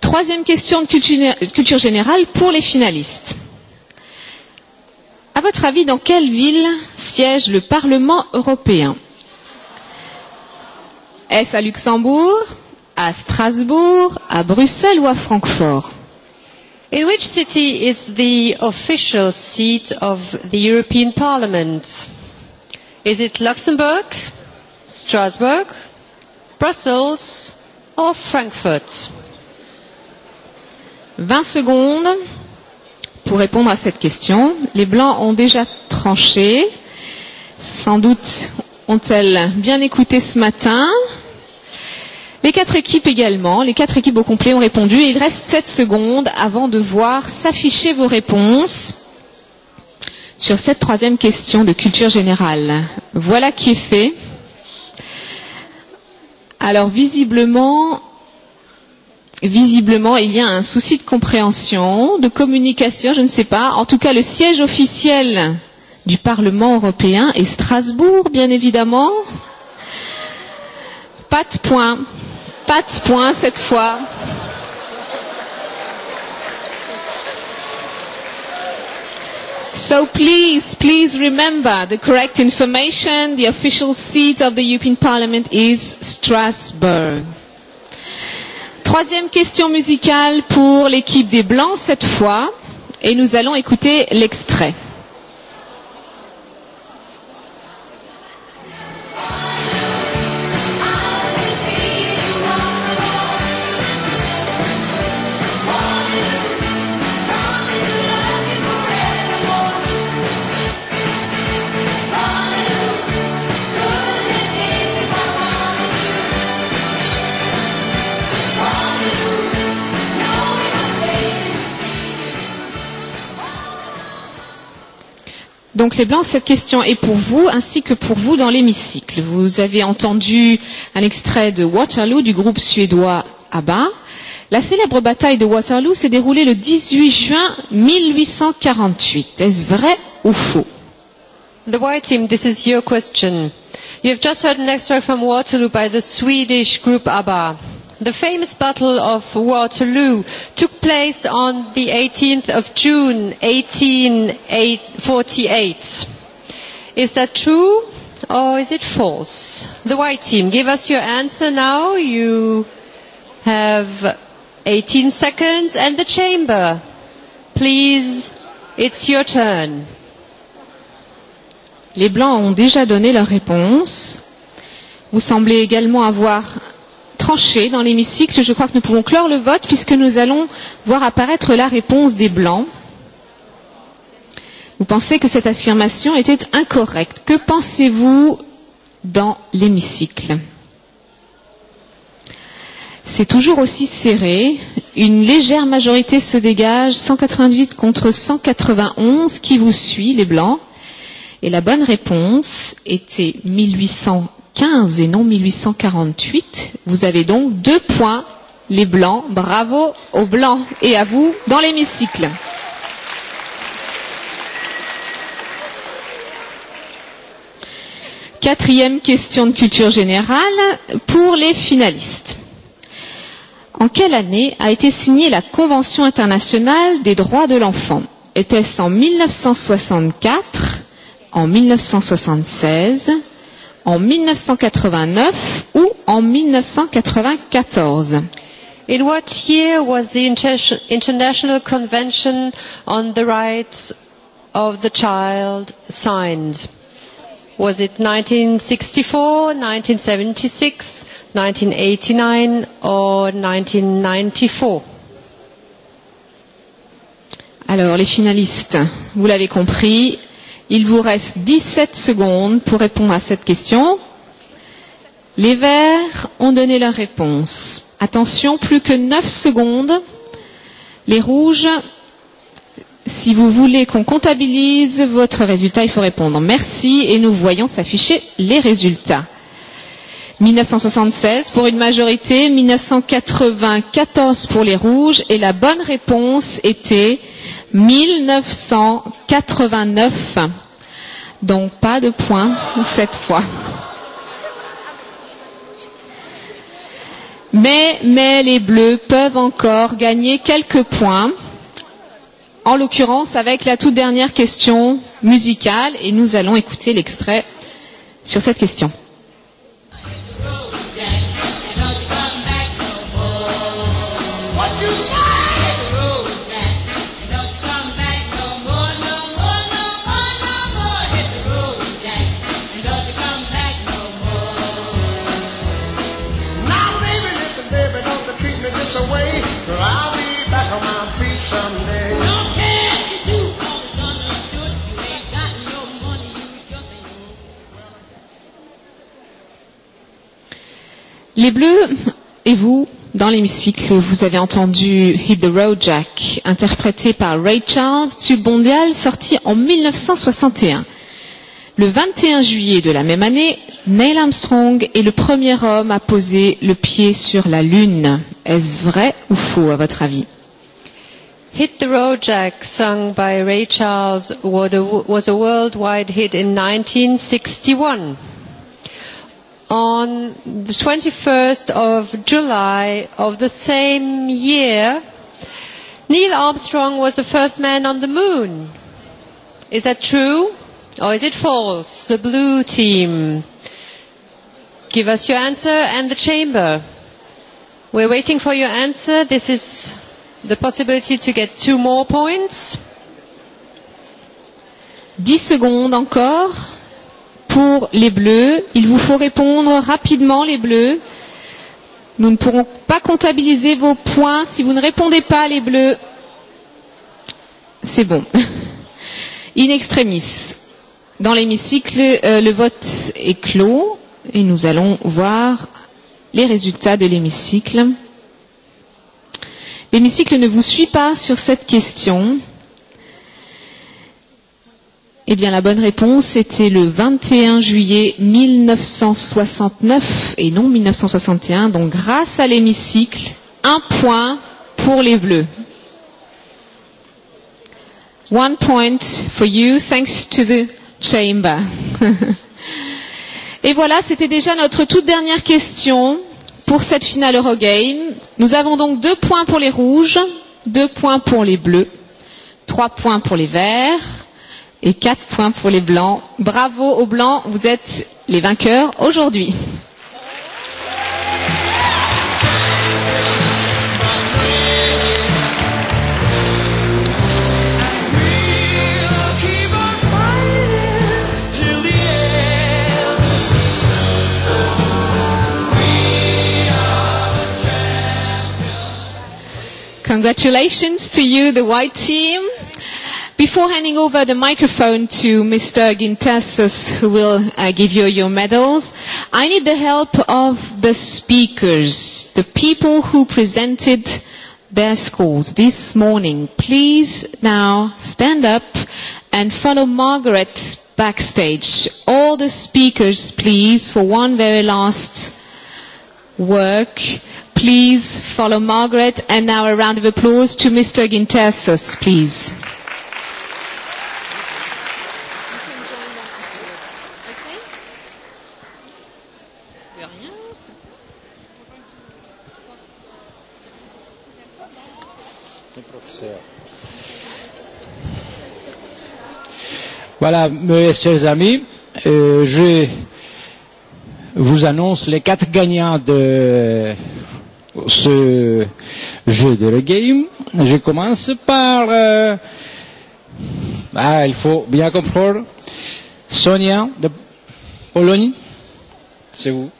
Troisième question de culture générale pour les finalistes. À votre avis, dans quelle ville siège le Parlement européen Est-ce à Luxembourg, à Strasbourg, à Bruxelles ou à Francfort In which city is the official seat of the European Parliament? Is it Luxembourg, Strasbourg, Brussels or Frankfurt? 20 secondes pour répondre à cette question. Les Blancs ont déjà tranché. Sans doute ont-elles bien écouté ce matin Les quatre équipes également, les quatre équipes au complet ont répondu. Il reste 7 secondes avant de voir s'afficher vos réponses sur cette troisième question de culture générale. Voilà qui est fait. Alors visiblement, visiblement, il y a un souci de compréhension, de communication, je ne sais pas. En tout cas, le siège officiel du Parlement européen est Strasbourg, bien évidemment. Pas de point pas de points cette fois. So please, please remember the correct information. The official seat of the European Parliament is Strasbourg. Troisième question musicale pour l'équipe des Blancs cette fois. Et nous allons écouter l'extrait. Donc les Blancs, cette question est pour vous ainsi que pour vous dans l'hémicycle. Vous avez entendu un extrait de Waterloo du groupe suédois ABBA. La célèbre bataille de Waterloo s'est déroulée le 18 juin 1848. Est-ce vrai ou faux The White Team, this is your question. You just heard an extract from Waterloo by the Swedish group ABBA. The famous Battle of Waterloo took place on the 18th of June 1848. Is that true or is it false? The white team, give us your answer now. You have 18 seconds. And the chamber, please, it's your turn. Les blancs ont déjà donné leur réponse. Vous semblez également avoir Tranché dans l'hémicycle. Je crois que nous pouvons clore le vote puisque nous allons voir apparaître la réponse des Blancs. Vous pensez que cette affirmation était incorrecte. Que pensez-vous dans l'hémicycle C'est toujours aussi serré. Une légère majorité se dégage, 188 contre 191, qui vous suit, les Blancs. Et la bonne réponse était 1800 1815 et non 1848. Vous avez donc deux points, les blancs. Bravo aux blancs et à vous dans l'hémicycle. Quatrième question de culture générale pour les finalistes. En quelle année a été signée la Convention internationale des droits de l'enfant Était-ce en 1964, en 1976 en 1989 ou en 1994. In what year was the International Convention on the Rights of the Child signed? Was it 1964, 1976, 1989 or 1994? Alors, les finalistes, vous l'avez compris, Il vous reste 17 secondes pour répondre à cette question. Les verts ont donné leur réponse. Attention, plus que 9 secondes. Les rouges, si vous voulez qu'on comptabilise votre résultat, il faut répondre merci et nous voyons s'afficher les résultats. 1976 pour une majorité, 1994 pour les rouges et la bonne réponse était 1989. Donc pas de points cette fois. Mais, mais les bleus peuvent encore gagner quelques points. En l'occurrence avec la toute dernière question musicale et nous allons écouter l'extrait sur cette question. Les Bleus et vous, dans l'hémicycle, vous avez entendu Hit the Road Jack, interprété par Ray Charles, tube mondial sorti en 1961. Le 21 juillet de la même année, Neil Armstrong est le premier homme à poser le pied sur la Lune. Est-ce vrai ou faux à votre avis Hit the Road Jack, sung by Ray Charles, was a worldwide hit in 1961 on the 21st of July of the same year, Neil Armstrong was the first man on the moon. Is that true or is it false? The blue team. Give us your answer and the chamber. We're waiting for your answer. This is the possibility to get two more points. 10 secondes encore pour les bleus. Il vous faut répondre rapidement les bleus. Nous ne pourrons pas comptabiliser vos points si vous ne répondez pas les bleus. C'est bon. In extremis. Dans l'hémicycle, le vote est clos et nous allons voir les résultats de l'hémicycle. L'hémicycle ne vous suit pas sur cette question. Eh bien, la bonne réponse était le 21 juillet 1969 et non 1961. Donc, grâce à l'hémicycle, un point pour les Bleus. One point for you, thanks to the chamber. et voilà, c'était déjà notre toute dernière question pour cette finale Eurogame. Nous avons donc deux points pour les rouges, deux points pour les bleus, trois points pour les verts et 4 points pour les blancs. Bravo aux blancs, vous êtes les vainqueurs aujourd'hui. Congratulations to you, the white team. Before handing over the microphone to Mr. Gintasos, who will give you your medals, I need the help of the speakers, the people who presented their schools this morning. Please now stand up and follow Margaret backstage. All the speakers, please, for one very last work. Please follow Margaret. And now a round of applause to Mr. Gintasos, please. Voilà, mes chers amis, je vous annonce les quatre gagnants de ce jeu de le game. Je commence par... Ah, il faut bien comprendre. Sonia de Pologne, c'est vous.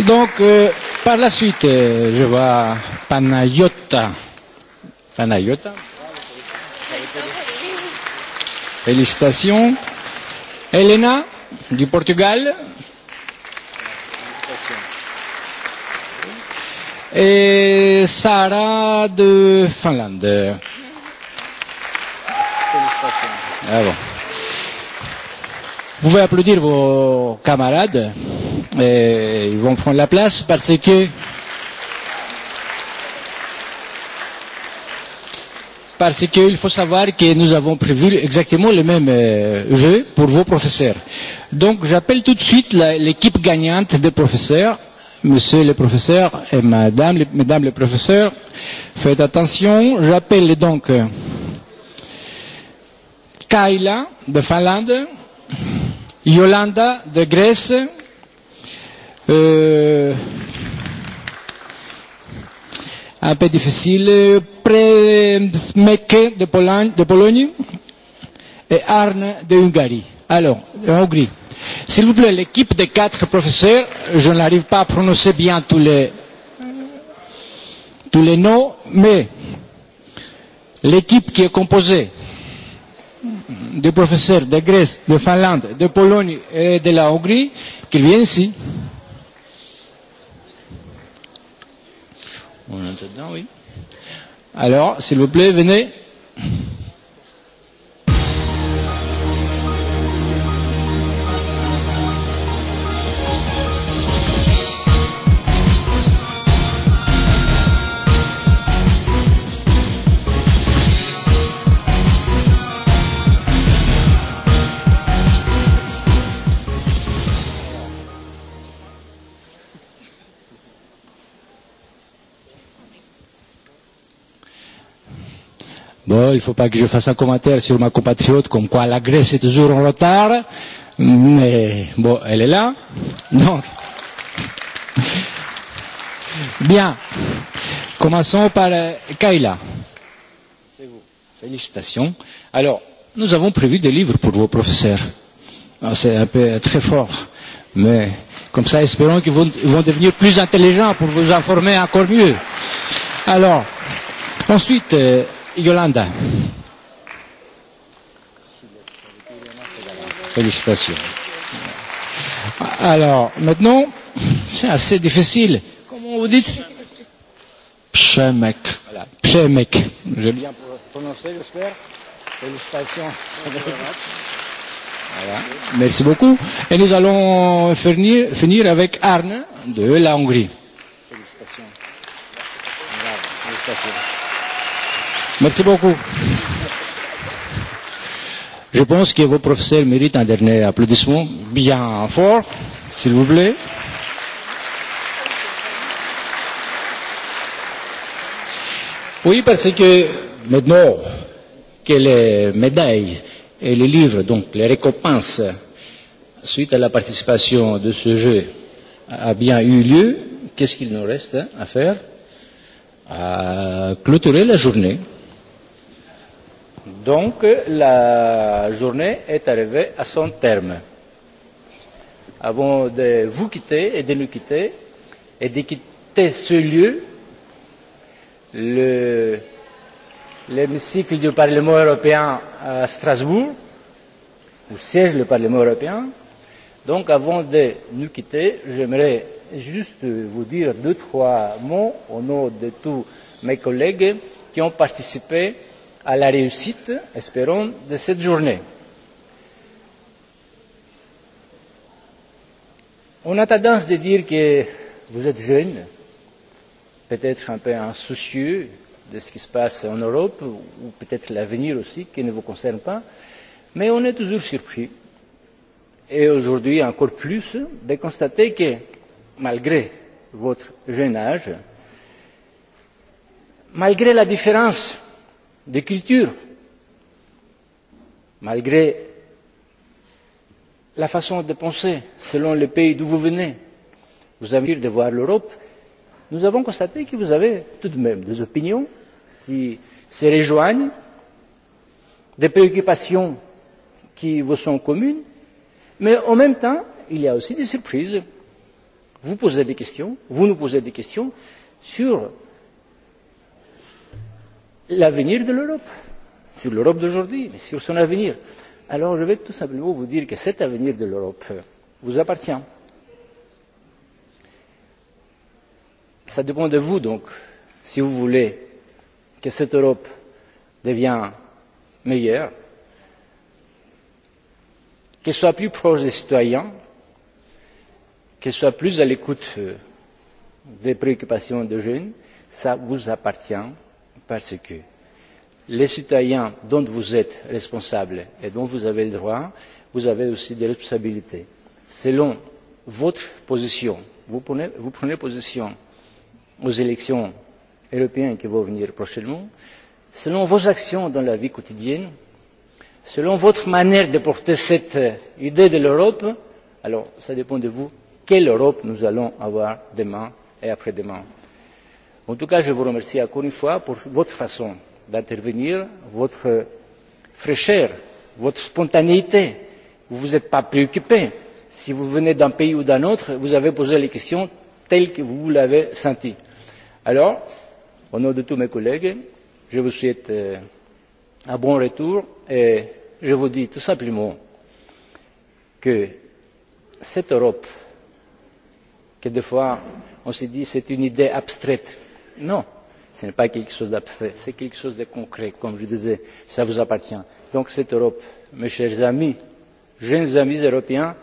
Donc, par la suite, je vois Panayota. Παναγιώτα. Félicitations. Elena, du Portugal. Et Sarah de Finlande. Ah bon. Vous pouvez applaudir vos camarades. Et ils vont prendre la place parce que parce qu'il faut savoir que nous avons prévu exactement le même jeu pour vos professeurs. Donc j'appelle tout de suite l'équipe gagnante des professeurs. Monsieur le professeur et madame, mesdames les professeurs, faites attention. J'appelle donc Kayla de Finlande, Yolanda de Grèce, euh, un peu difficile, Premsmeke de Pologne, de Pologne et Arne de Hongrie. Alors, Hongrie. S'il vous plaît, l'équipe des quatre professeurs, je n'arrive pas à prononcer bien tous les, tous les noms, mais l'équipe qui est composée de professeurs de Grèce, de Finlande, de Pologne et de la Hongrie, qui vient ici. On oui. Alors, s'il vous plaît, venez. Bon, il ne faut pas que je fasse un commentaire sur ma compatriote comme quoi la Grèce est toujours en retard, mais bon, elle est là. Donc, bien. Commençons par Kaila. C'est vous. Félicitations. Alors, nous avons prévu des livres pour vos professeurs. C'est un peu très fort, mais comme ça, espérons qu'ils vont, vont devenir plus intelligents pour vous informer encore mieux. Alors, ensuite, Yolanda. Félicitations. Alors, maintenant, c'est assez difficile. Comment vous dites Pchemek. Voilà, Pchemek. J'ai bien prononcé, j'espère. Félicitations. Voilà. Merci beaucoup. Et nous allons finir, finir avec Arne de la Hongrie. Félicitations. Félicitations. Merci beaucoup. Je pense que vos professeurs méritent un dernier applaudissement bien fort, s'il vous plaît. Oui, parce que maintenant que les médailles et les livres, donc les récompenses, suite à la participation de ce jeu, a bien eu lieu, qu'est-ce qu'il nous reste à faire À clôturer la journée Donc la journée est arrivée à son terme. Avant de vous quitter et de nous quitter et de quitter ce lieu, l'hémicycle du Parlement européen à Strasbourg, où siège le Parlement européen, donc avant de nous quitter, j'aimerais juste vous dire deux, trois mots au nom de tous mes collègues qui ont participé à la réussite, espérons, de cette journée. On a tendance de dire que vous êtes jeune, peut-être un peu insoucieux de ce qui se passe en Europe, ou peut-être l'avenir aussi, qui ne vous concerne pas, mais on est toujours surpris, et aujourd'hui encore plus, de constater que, malgré votre jeune âge, malgré la différence Des cultures malgré la façon de penser selon le pays d'où vous venez. Vous avez de voir l'Europe. Nous avons constaté que vous avez tout de même des opinions qui se rejoignent, des préoccupations qui vous sont communes, mais en même temps, il y a aussi des surprises. Vous posez des questions, vous nous posez des questions sur l'avenir de l'Europe, sur l'Europe d'aujourd'hui, mais sur son avenir. Alors je vais tout simplement vous dire que cet avenir de l'Europe vous appartient. Cela dépend de vous donc, si vous voulez que cette Europe devienne meilleure, qu'elle soit plus proche des citoyens, qu'elle soit plus à l'écoute des préoccupations des jeunes, cela vous appartient parce que les citoyens dont vous êtes responsables et dont vous avez le droit, vous avez aussi des responsabilités. Selon votre position, vous prenez position aux élections européennes qui vont venir prochainement, selon vos actions dans la vie quotidienne, selon votre manière de porter cette idée de l'Europe, alors cela dépend de vous, quelle Europe nous allons avoir demain et après-demain. En tout cas, je vous remercie encore une fois pour votre façon d'intervenir, votre fraîcheur, votre spontanéité. Vous ne vous êtes pas préoccupé. Si vous venez d'un pays ou d'un autre, vous avez posé les questions telles que vous l'avez senti. Alors, au nom de tous mes collègues, je vous souhaite un bon retour et je vous dis tout simplement que cette Europe, que des fois on se dit c'est une idée abstraite, Non, ce n'est pas quelque chose d'abstrait, c'est quelque chose de concret, comme je disais, ça vous appartient. Donc cette Europe, mes chers amis, jeunes amis européens,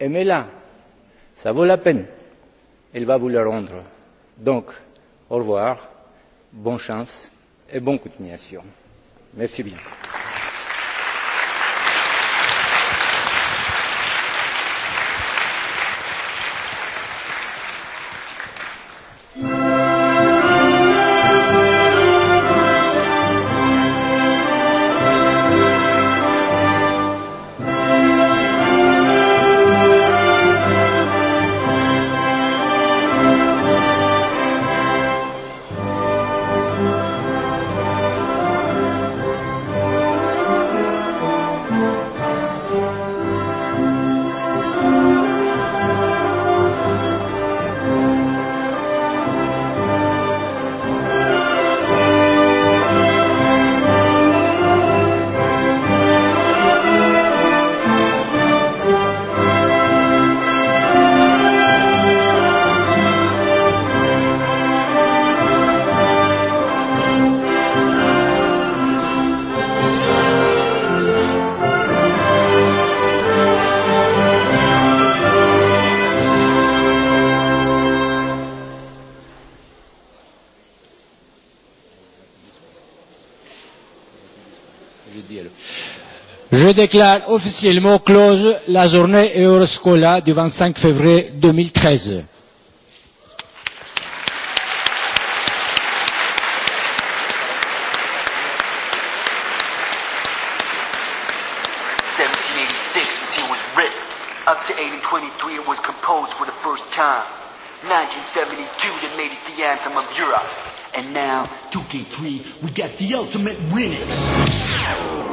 aimez-la, ça vaut la peine, elle va vous la rendre. Donc, au revoir, bonne chance et bonne continuation. Merci bien. déclare officiellement close la journée Euroscola du 25 février 2013. Up to 1823 it was composed for the first time. 1972 that made it the anthem of Europe. And now, 2K3, we got the ultimate winners.